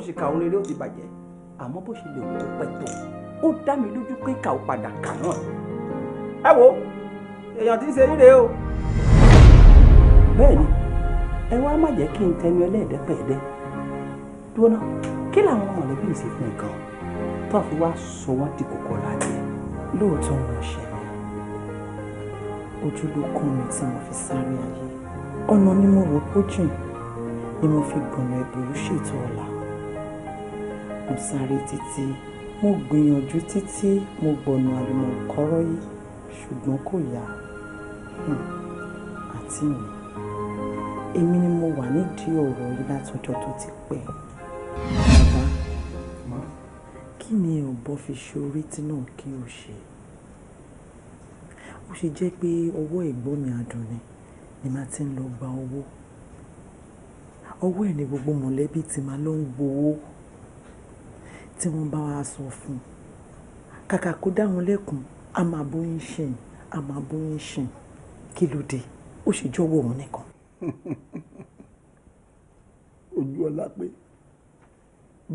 ṣe kà òun rere ó ti bàjẹ́ àmọ́ bó ṣe lè wù kó pẹ́ tó ó dá mi lójú pé kà ó padà kà náà. ẹ wo èèyàn tí ń ṣe yín rèé o. bẹ́ẹ̀ni ẹ wá má jẹ́ kí n tẹnu ẹlẹ́ẹ̀dẹ́pẹ̀ẹ́dẹ́ dúró kí làwọn mọ̀lẹ́bí ń ṣe fún nǹkan tó fi wá sọ wọ́n di kòkó lájẹ lóòótọ́ wọn ṣe mí ojú ló kún mi tí mo fi sáré ayé ọ̀nà ni mo rò pójìn ni mo fi gbọ̀nà ẹ̀bùrú ṣètò ọ̀la mo sáré títí mo gbìyànjú títí mo gbọ̀nà àlùmọ̀kọ́rọ́ yìí ṣùgbọ́n kò yá hmm, àti mi èmi ni mo wà nídìí ọ̀rọ̀ yìí látọjọ́ tó ti pẹ́ bàbá kí ni ọ̀bọ fi ṣe orí tí náà kí o ṣe ó ṣe jẹ́ pé ọwọ́ ẹ̀gbọ́n mi Àdùnní ni màá ti ń lọ gba owó ọwọ́ ẹ̀ ni gbogbo mọ̀lẹ́bí ti máa lọ ń gbowó tí wọ́n bá wa sọ fún un kàkà kó dá wọn lẹ́kùn a máa bóyún ṣìn a máa bóyún ṣìn kí ló dé ó ṣe jọ̀wọ́ òun nìkan. ojú ọlá pé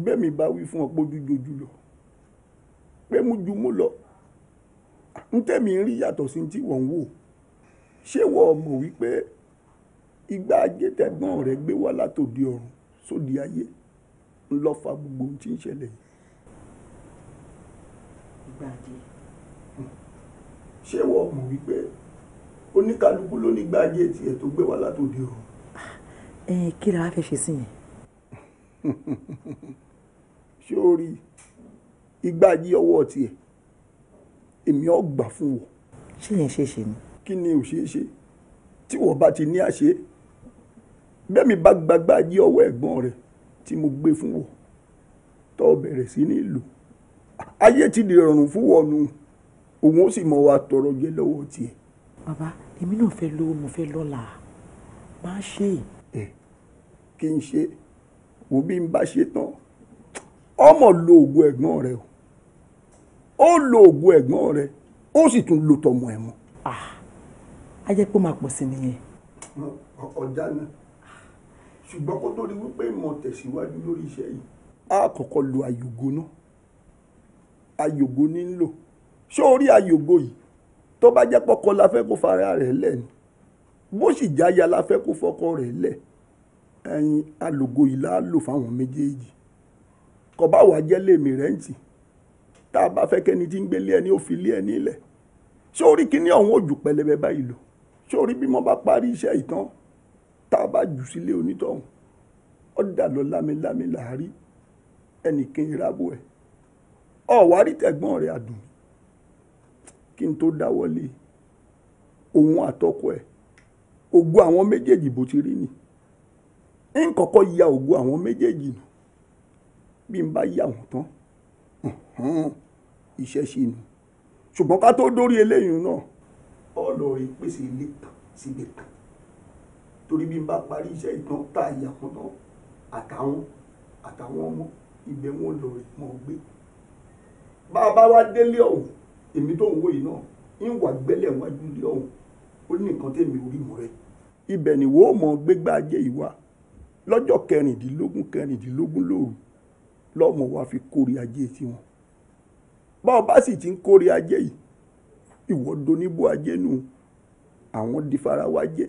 bẹ́ẹ̀ mi bá wí fún ọ pé ojújojú lọ pé mú ju mú lọ ń tẹ̀mí rí yàtọ̀ sí tí wọ́n ń wò ṣé wọ́n mọ̀ wípé ìgbà ajé rẹ̀ gbé wá látòdì ọ̀run sódì ayé ńlọ́fà gbogbo ohun tí ń ṣẹlẹ̀ yìí gbà díẹ̀. Hmm. ṣé wọ́n mọ̀ wípé oníkálukú ló ní gbájé tiẹ̀ tó gbé wá látòde o. ẹ kí la wá fẹ́ ṣe sí yẹn. ṣé o rí igbájí ọwọ́ tiẹ̀ èmi ò gbà fún wọ. ṣé yẹn ṣe é ṣe ni. kí ni ò ṣeé ṣe tí wọ́n bá ti ní àṣẹ bẹ́ẹ̀ mi bá gbagbájí ọwọ́ ẹ̀gbọ́n rẹ̀ tí mo gbé fún wọ tó bẹ̀rẹ̀ sí ní ìlú ayé ti di rọrùn fún wọnú òun ó sì mọ wa tọrọ jẹ lọ́wọ́ tiẹ̀. bàbá èmi náà fẹ́ lówó mo fẹ́ lọ́là má ṣe. ẹ kí n ṣe wo bí n bá ṣe tán ọmọ lo oògùn ẹ̀gbọ́n rẹ o ó lo oògùn ẹ̀gbọ́n rẹ ó sì tún lo tọmọ ẹ̀ mọ́. a jẹ́ pé ó máa pọ̀ sí nìyẹn. ọjà náà ṣùgbọ́n kó tó di wípé mo tẹ̀síwájú lórí iṣẹ́ yìí a kọ́kọ́ lo àyògo náà ayògo ní ń lò ṣó orí ayògo yìí tó bá jẹ́ pọ́kọ la fẹ́ kó fara rẹ̀ lẹ̀ ni bó sì jáya la fẹ́ kó fọ́kọ rẹ̀ lẹ̀ ẹyin alògo yìí la lò fáwọn méjèèjì kò bá wàá jẹ́ lèmi rẹ́ǹtì tá a bá fẹ́ kẹ́ni tí ń gbélé ẹni ó fi lé ẹni lẹ̀ ṣó orí kíní ọ̀hún òjò pẹlẹbẹ báyìí lò ṣó orí bí wọ́n bá parí iṣẹ́ ìtàn tá a bá jù sílé onítọ̀hún ọ̀dà lọ lámilámi làárí ẹnìkan ìrábò ẹ̀ ọ̀wárí tẹ̀gbọ́n rẹ̀ àdùn kí n tó dáwọ́lé òun àtọkọ ẹ̀ ògo àwọn méjèèjì bó ti rí ni ń kọ́kọ́ ya ògo àwọn méjèèjì nù bí n bá yà wọ́n tán iṣẹ́ ṣe nù ṣùgbọ́n ká tó dórí eléyìí náà ọlọ́rin pèsè ilé kan síbi kan torí bí n bá parí iṣẹ́ ìtàn tá a yà wọ́n tán àtàwọn àtàwọn ọmọ ibẹ̀ wọn lọ́ọ̀rẹ́ wọn gbé bá a bá wá délé ọ̀hún èmi tó ń wò yìí náà ń wà gbẹ́lẹ̀ wájú ilé ọ̀hún ó ní nǹkan tẹ̀mí orí mu rẹ̀ ibẹ̀ ni wọ́n mọ̀ gbégbá ajé yìí wá lọ́jọ́ kẹrìndínlógún kẹrìndínlógún lóru lọ́mọ wa fi kórè ajé tiwọn bá ọba sì ti ń kórè ajé yìí ìwọ́ doníbó ajé nù àwọn di farawa jẹ́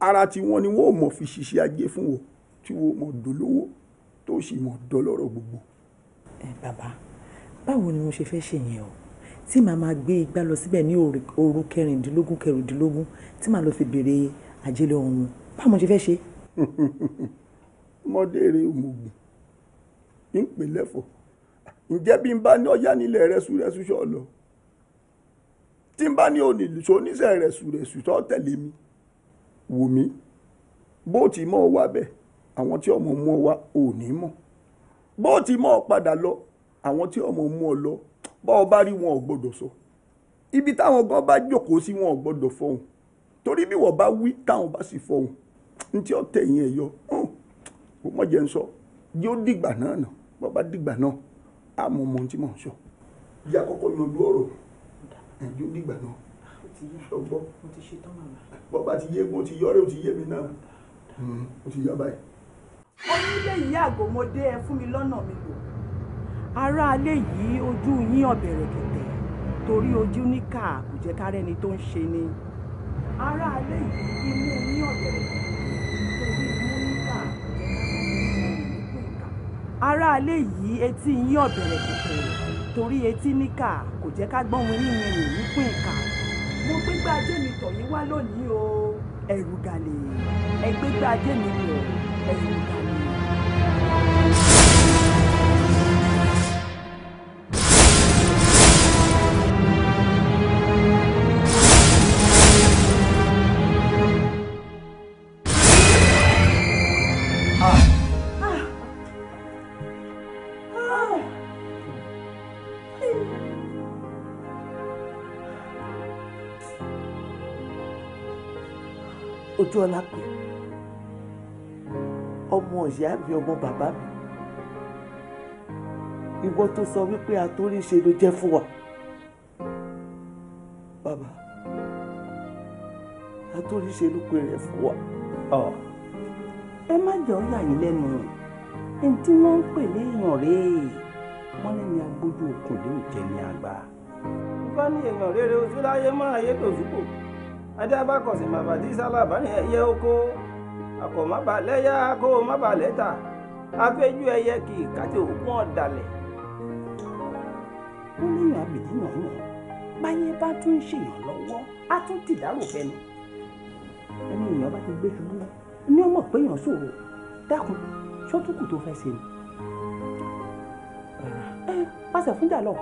ara tiwọn ni wọ́n mọ̀ fi ṣiṣẹ́ ajé fún wọn tí wọ́n mọ̀ dolówó tó sì mọ̀ dọlọ́rọ̀ gbogbo. ẹ bàbá báwo ni mo ṣe fẹ́ ṣe yẹn o tí màá máa gbé igbá lọ síbẹ̀ ní òru kẹrìndínlógún kẹrìndínlógún tí màá lọ fi béèrè àjẹlẹ̀ ọ̀hún báwo mo ṣe fẹ́ ṣe. ọmọdé rẹ òmùgùn ń pè lẹ́fọ̀ọ́ ǹjẹ́ bí n bá ní ọ̀yá nílẹ̀ rẹ̀sù rẹ̀sù ṣọ̀ lọ tí n bá ní oníṣẹ́ rẹ̀sù rẹ̀sù tó tẹ̀lé mi wò mí bó ti mọ̀ wá bẹ́ẹ̀ àwọn tí ọmọ mọ̀ wá ò ní mọ̀ bó ti mọ̀ padà lọ àwọn tí ọmọ mú ọ lọ bá ọ bá rí wọn ò gbọdọ̀ sọ ibi táwọn gan bá jókòó sí wọn ò gbọdọ̀ fọhùn torí bí wọ́n bá wí táwọn bá sì fọhùn ní tí ó tẹ̀yìn ẹ̀ yọ kò mọ̀ jẹ́ ń sọ yóò dìgbà náà nà bọ́ bá dìgbà náà á mọ ọmọ tí mò ń sọ ìyá kọ́kọ́ yanjú ọ̀rọ̀ yóò dìgbà náà ọgbọ́ bọ́ bá ti yé mo ti yọrẹ́ o ti yé mi náà o ti yá báyìí. mo ní ilé ìyá àgòmọdé ẹ fún mi lọ́nà mi lò aráalé yìí ojú yín ọ̀bẹ̀rẹ̀kẹ̀tẹ̀ torí ojú níkà kò jẹ́ ká rẹ́ni tó ń ṣe ni aráalé yìí imú yín ọ̀bẹ̀rẹ̀kẹ̀tẹ̀ torí imú níkà kò jẹ́ ká rẹ́ni tó ń ṣe ni aráalé yìí etí yín ọ̀bẹ̀rẹ̀kẹ̀tẹ̀ torí etí níkà kò jẹ́ ká gbọ́n mi nínú ìrìn nípìn ìkà mo gbégbá ajé mi tọ̀ yín wá lónìí o ẹ̀rù gàlè ẹgbẹ́gbá ajé mi tọ̀ ẹ̀rù gàlè. ojú ọlá pé ọmọ ìyá mi ọmọ bàbá mi ìwọ tó sọ wípé atóríṣe ló jẹ́ fún wa bàbá atóríṣe ló pè rẹ fún wa. ẹ má jẹ́ ó yà lẹ́nu ẹni tí wọ́n ń pè léèyàn rèé wọ́n ní ní agbójú okùn lè jẹ́ ní àgbà. wọ́n ní èèyàn rere ojú láyé mọ́ ayé tòṣùpò ajábá kọ̀sí màbàdí sálábà ní ẹyẹ oko àkọ́ má bà lẹ́yà kó má bà lẹ́tà afẹ́jú ẹyẹ kì í kàtí òkun ọ̀dàlẹ̀. wọ́n léèyàn àbìdí nànà báyẹn bá tún ń ṣèyàn lọ́wọ́ á tún tìdárò fẹ́ni. ẹni èèyàn bá ti gbé ṣubú ni ó mọ̀ pé èèyàn ṣòro dákun ṣọ́tùkù tó fẹ́ ṣe ni. ẹ pàṣẹ fún lọ.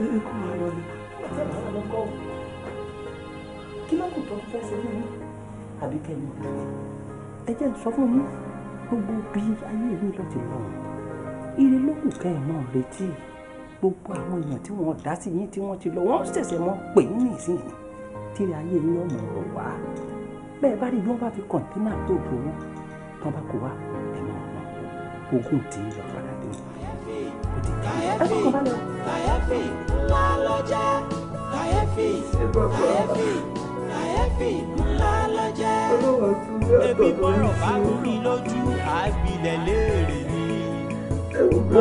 ẹ kó máa lọ ni àti àwọn ọlọ́kọ́ kí ló kù tó fẹ́ ṣe fún mi àbí kẹ́yìn ẹ jẹ́ sọ fún mi gbogbo bí ayé mi ló ti lọ ire ló kù kẹ́ ẹ̀ mọ́ retí gbogbo àwọn èèyàn tí wọ́n dá sí yín tí wọ́n ti lọ wọ́n ṣẹ̀ṣẹ̀ mọ́ pè ní ìsinyìí tí ayé yín ọmọ rọ̀ wá bẹ́ẹ̀ bá rí bí wọ́n bá fi kọ̀ǹtínà tó gbowó tán bá kó wá ẹ̀ ọ̀nà ogún tí ń padà dé. ẹ bá kọ̀ bá lọ kàyéfì ńlá ló jẹ́ kàyéfì kàyéfì kàyéfì ńlá ló jẹ́. ebi bọ̀rọ̀ bá rú mi lójú àgbilẹ̀ léèrè ni.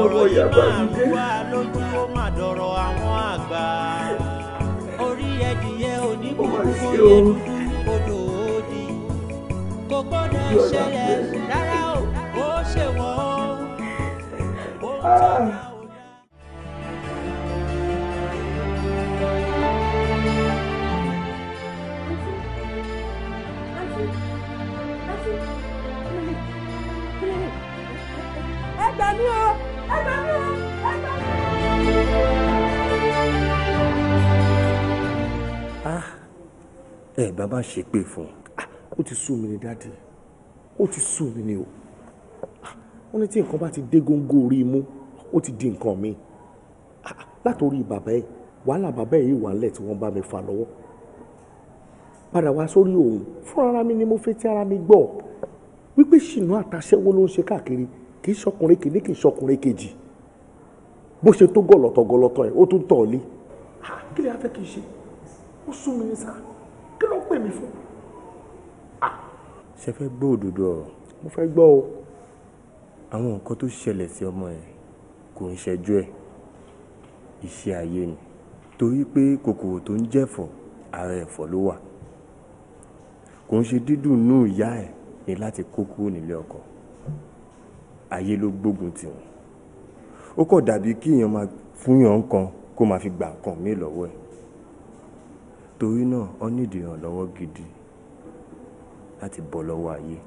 ọ̀rọ̀ yìí máa rú wa lójú ó máa dọ̀rọ̀ àwọn àgbà. orí ẹdìyẹ oníkùnkùn oyè dúdú odò òdì. kò gbọ́dọ̀ ṣẹlẹ̀ rárá o ó ṣèwọ́. Ah. ẹ bàbá ṣe pé fún un ah, ó ti sú mi ni dáàdì ó ti sú mi ni o wọ́n ah, ní tí nǹkan bá ti dé góńgó orí imú ó ti di nǹkan mi ah, látòrí bàbá ẹ wàhálà bàbá ẹ yìí wà nílẹ̀ tí wọ́n bá mi fà lọ́wọ́ padà wá sórí òun fúnra mi ni mo fẹ́ tí ara mi gbọ́ wípé ṣìnà àtàṣẹ́wó ló ń ṣe káàkiri kì í ṣọkùnrin kìíní kì í ṣọkùnrin kejì bó ṣe tó gọlọtọ gọlọtọ ẹ ó tún tọ̀ ọ́ lé kí ni a fẹ́ kí n ṣe ó sún mi ní sáà kí ló pè mí fún. Ah, ṣe fẹ́ gbọ́ òdodo ọ̀rọ̀ mo fẹ́ gbọ́ o àwọn nǹkan tó ṣẹlẹ̀ sí ọmọ ẹ̀ kò ń ṣẹjú ẹ̀ iṣẹ́ ayé ni torí pé kòkòrò tó ń jẹ̀fọ́ ara ẹ̀fọ́ ló wà kò ń ṣe dídùn nú ìyá ẹ̀ ní láti kó kúrò nílé ọkọ ayé ló gbógun tì wọ́n ó kọ̀ dàbí kí èèyàn máa fún yàn kan kó máa fi gbà nǹkan míì lọ́wọ́ ẹ̀ Torí náà, ó ní ìdí ìrànlọ́wọ́ gidi láti bọ́ lọ́wọ́ ayé.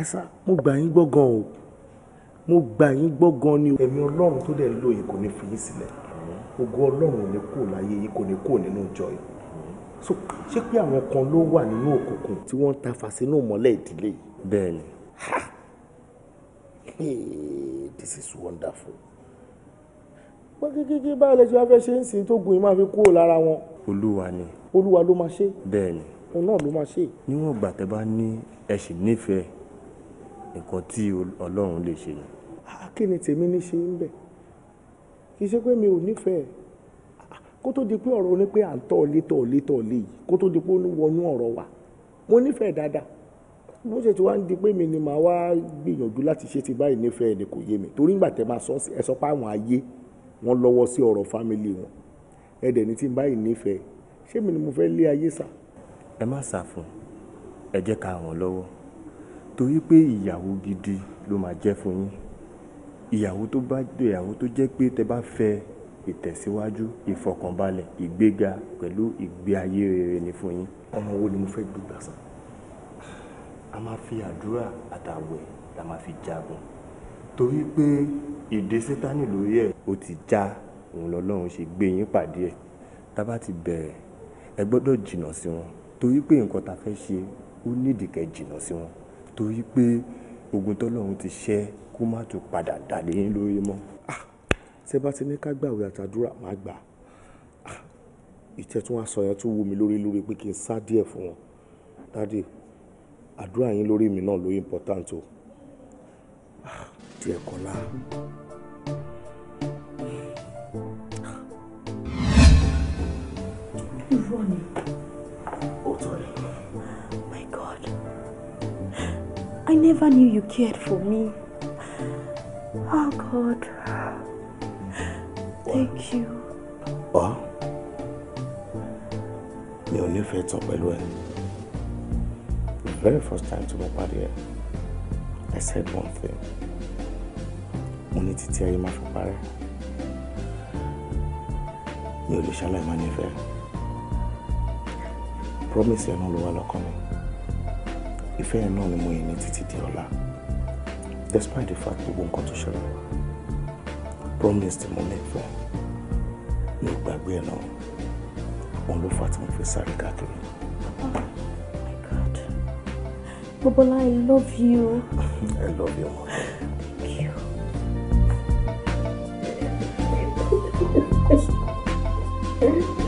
Ẹ sá, mo gbà yín gbọ́ gan o. Mo gbà yín gbọ́ gan ni o. Ẹ̀mí Ọlọ́run tó dẹ̀ ń lò yín kò ní fi yín sílẹ̀. Ògo Ọlọ́run ò ní kúrò láyé yín, kò ní kúrò nínú ìjọ yín. So ṣé pé àwọn kan ló wà nínú òkùnkùn tí wọ́n ń ta fàṣínú mọ́lẹ̀ ìdílé yìí? Bẹ́ẹ̀ni. Ha! Hey, this is wonderful. Pé kíkí báyìí lè ṣe wá fẹ́ ṣe ń sìn tó gùn yín máa fi kúrò lára wọn olúwa ni. olúwa ló máa ṣe. bẹ́ẹ̀ ni. òun náà ló máa ṣe. níwọ̀n ìgbà tẹ́ bá ní ẹ nífẹ̀ẹ́ nǹkan tí ọlọ́run lè ṣe ni. kí ni tèmi ní ṣe ń bẹ̀ kì í ṣe pé mi ò nífẹ̀ẹ́ kó tó di pé ọ̀rọ̀ ni pé à ń tọ̀ lé tọ̀ lé tọ̀ lé yìí kó tó di pé ó wọnú ọ̀rọ̀ wa mo nífẹ̀ẹ́ dáadáa bó ṣe ti wá ń di pé mi ni màá wá gbìyànjú láti ṣe ti báyìí nífẹ̀ẹ́ ni kò yé mi torí ìgbà tẹ́ máa sọ ẹ sọ ayé wọn lọ́wọ́ sí ọ̀rọ̀ fámìlì wọn ẹ dẹ̀ ní tí n báyìí nífẹ̀ẹ́ ṣé mi ni mo fẹ́ lé ayé sà. ẹ má sà fún ẹ jẹ́ ká ràn lọ́wọ́ torí pé ìyàwó gidi ló máa jẹ́ fún yín ìyàwó tó bá dé ìyàwó tó jẹ́ pé tẹ bá fẹ́ ìtẹ̀síwájú ìfọkànbalẹ̀ ìgbéga pẹ̀lú ìgbé ayé rere ni fún yín. ọmọ wo ni mo fẹ́ gbégbá sàn a máa fi àdúrà àtàwẹ̀ la máa fi jagun torí pé ìdè sẹ́tánì lórí ẹ̀ ó ti já òun lọ́lọ́run ṣe gbé yín pàdé ẹ̀ tá ti bẹ̀rẹ̀ ẹ gbọ́dọ̀ jìnnà sí wọn torí pé nǹkan tá fẹ́ ṣe ó nídìí kẹ́ jìnnà sí wọn torí pé ogun tọ́lọ́run ti ṣẹ́ kó má tún padà dà lé yín lórí mọ́. ṣé ah! bá ti ní ká gbàwé àtàdúrà má gbà ah! ìtẹ́tún wá sọ tún wú mi lórí lórí pé kí n sá díẹ̀ fún wọn dáàdì àdúrà yín lórí mi náà ló important o ah! díẹ̀ kọ́lá. I never knew you cared for me. Oh God. Thank you. Ọ You only nífẹ̀ẹ́ tán well ẹ. The very first time tí mo pàdé ẹ, I said one thing. Mo need to ayé you fi parẹ́. Mi ò lè ṣaláì máa Promise you're not ló wà lọ́kàn ìfẹ́ yẹn náà ni mo yìn ní títí di ọ̀la despite the fact gbogbo nǹkan tó ṣẹlẹ̀ promise tí mo make fún mi ò gbàgbé ẹ̀ náà òun ló fà tí mo fi sáré káàkiri. Oh Bobola, I love you. I love you, Thank you. Thank you.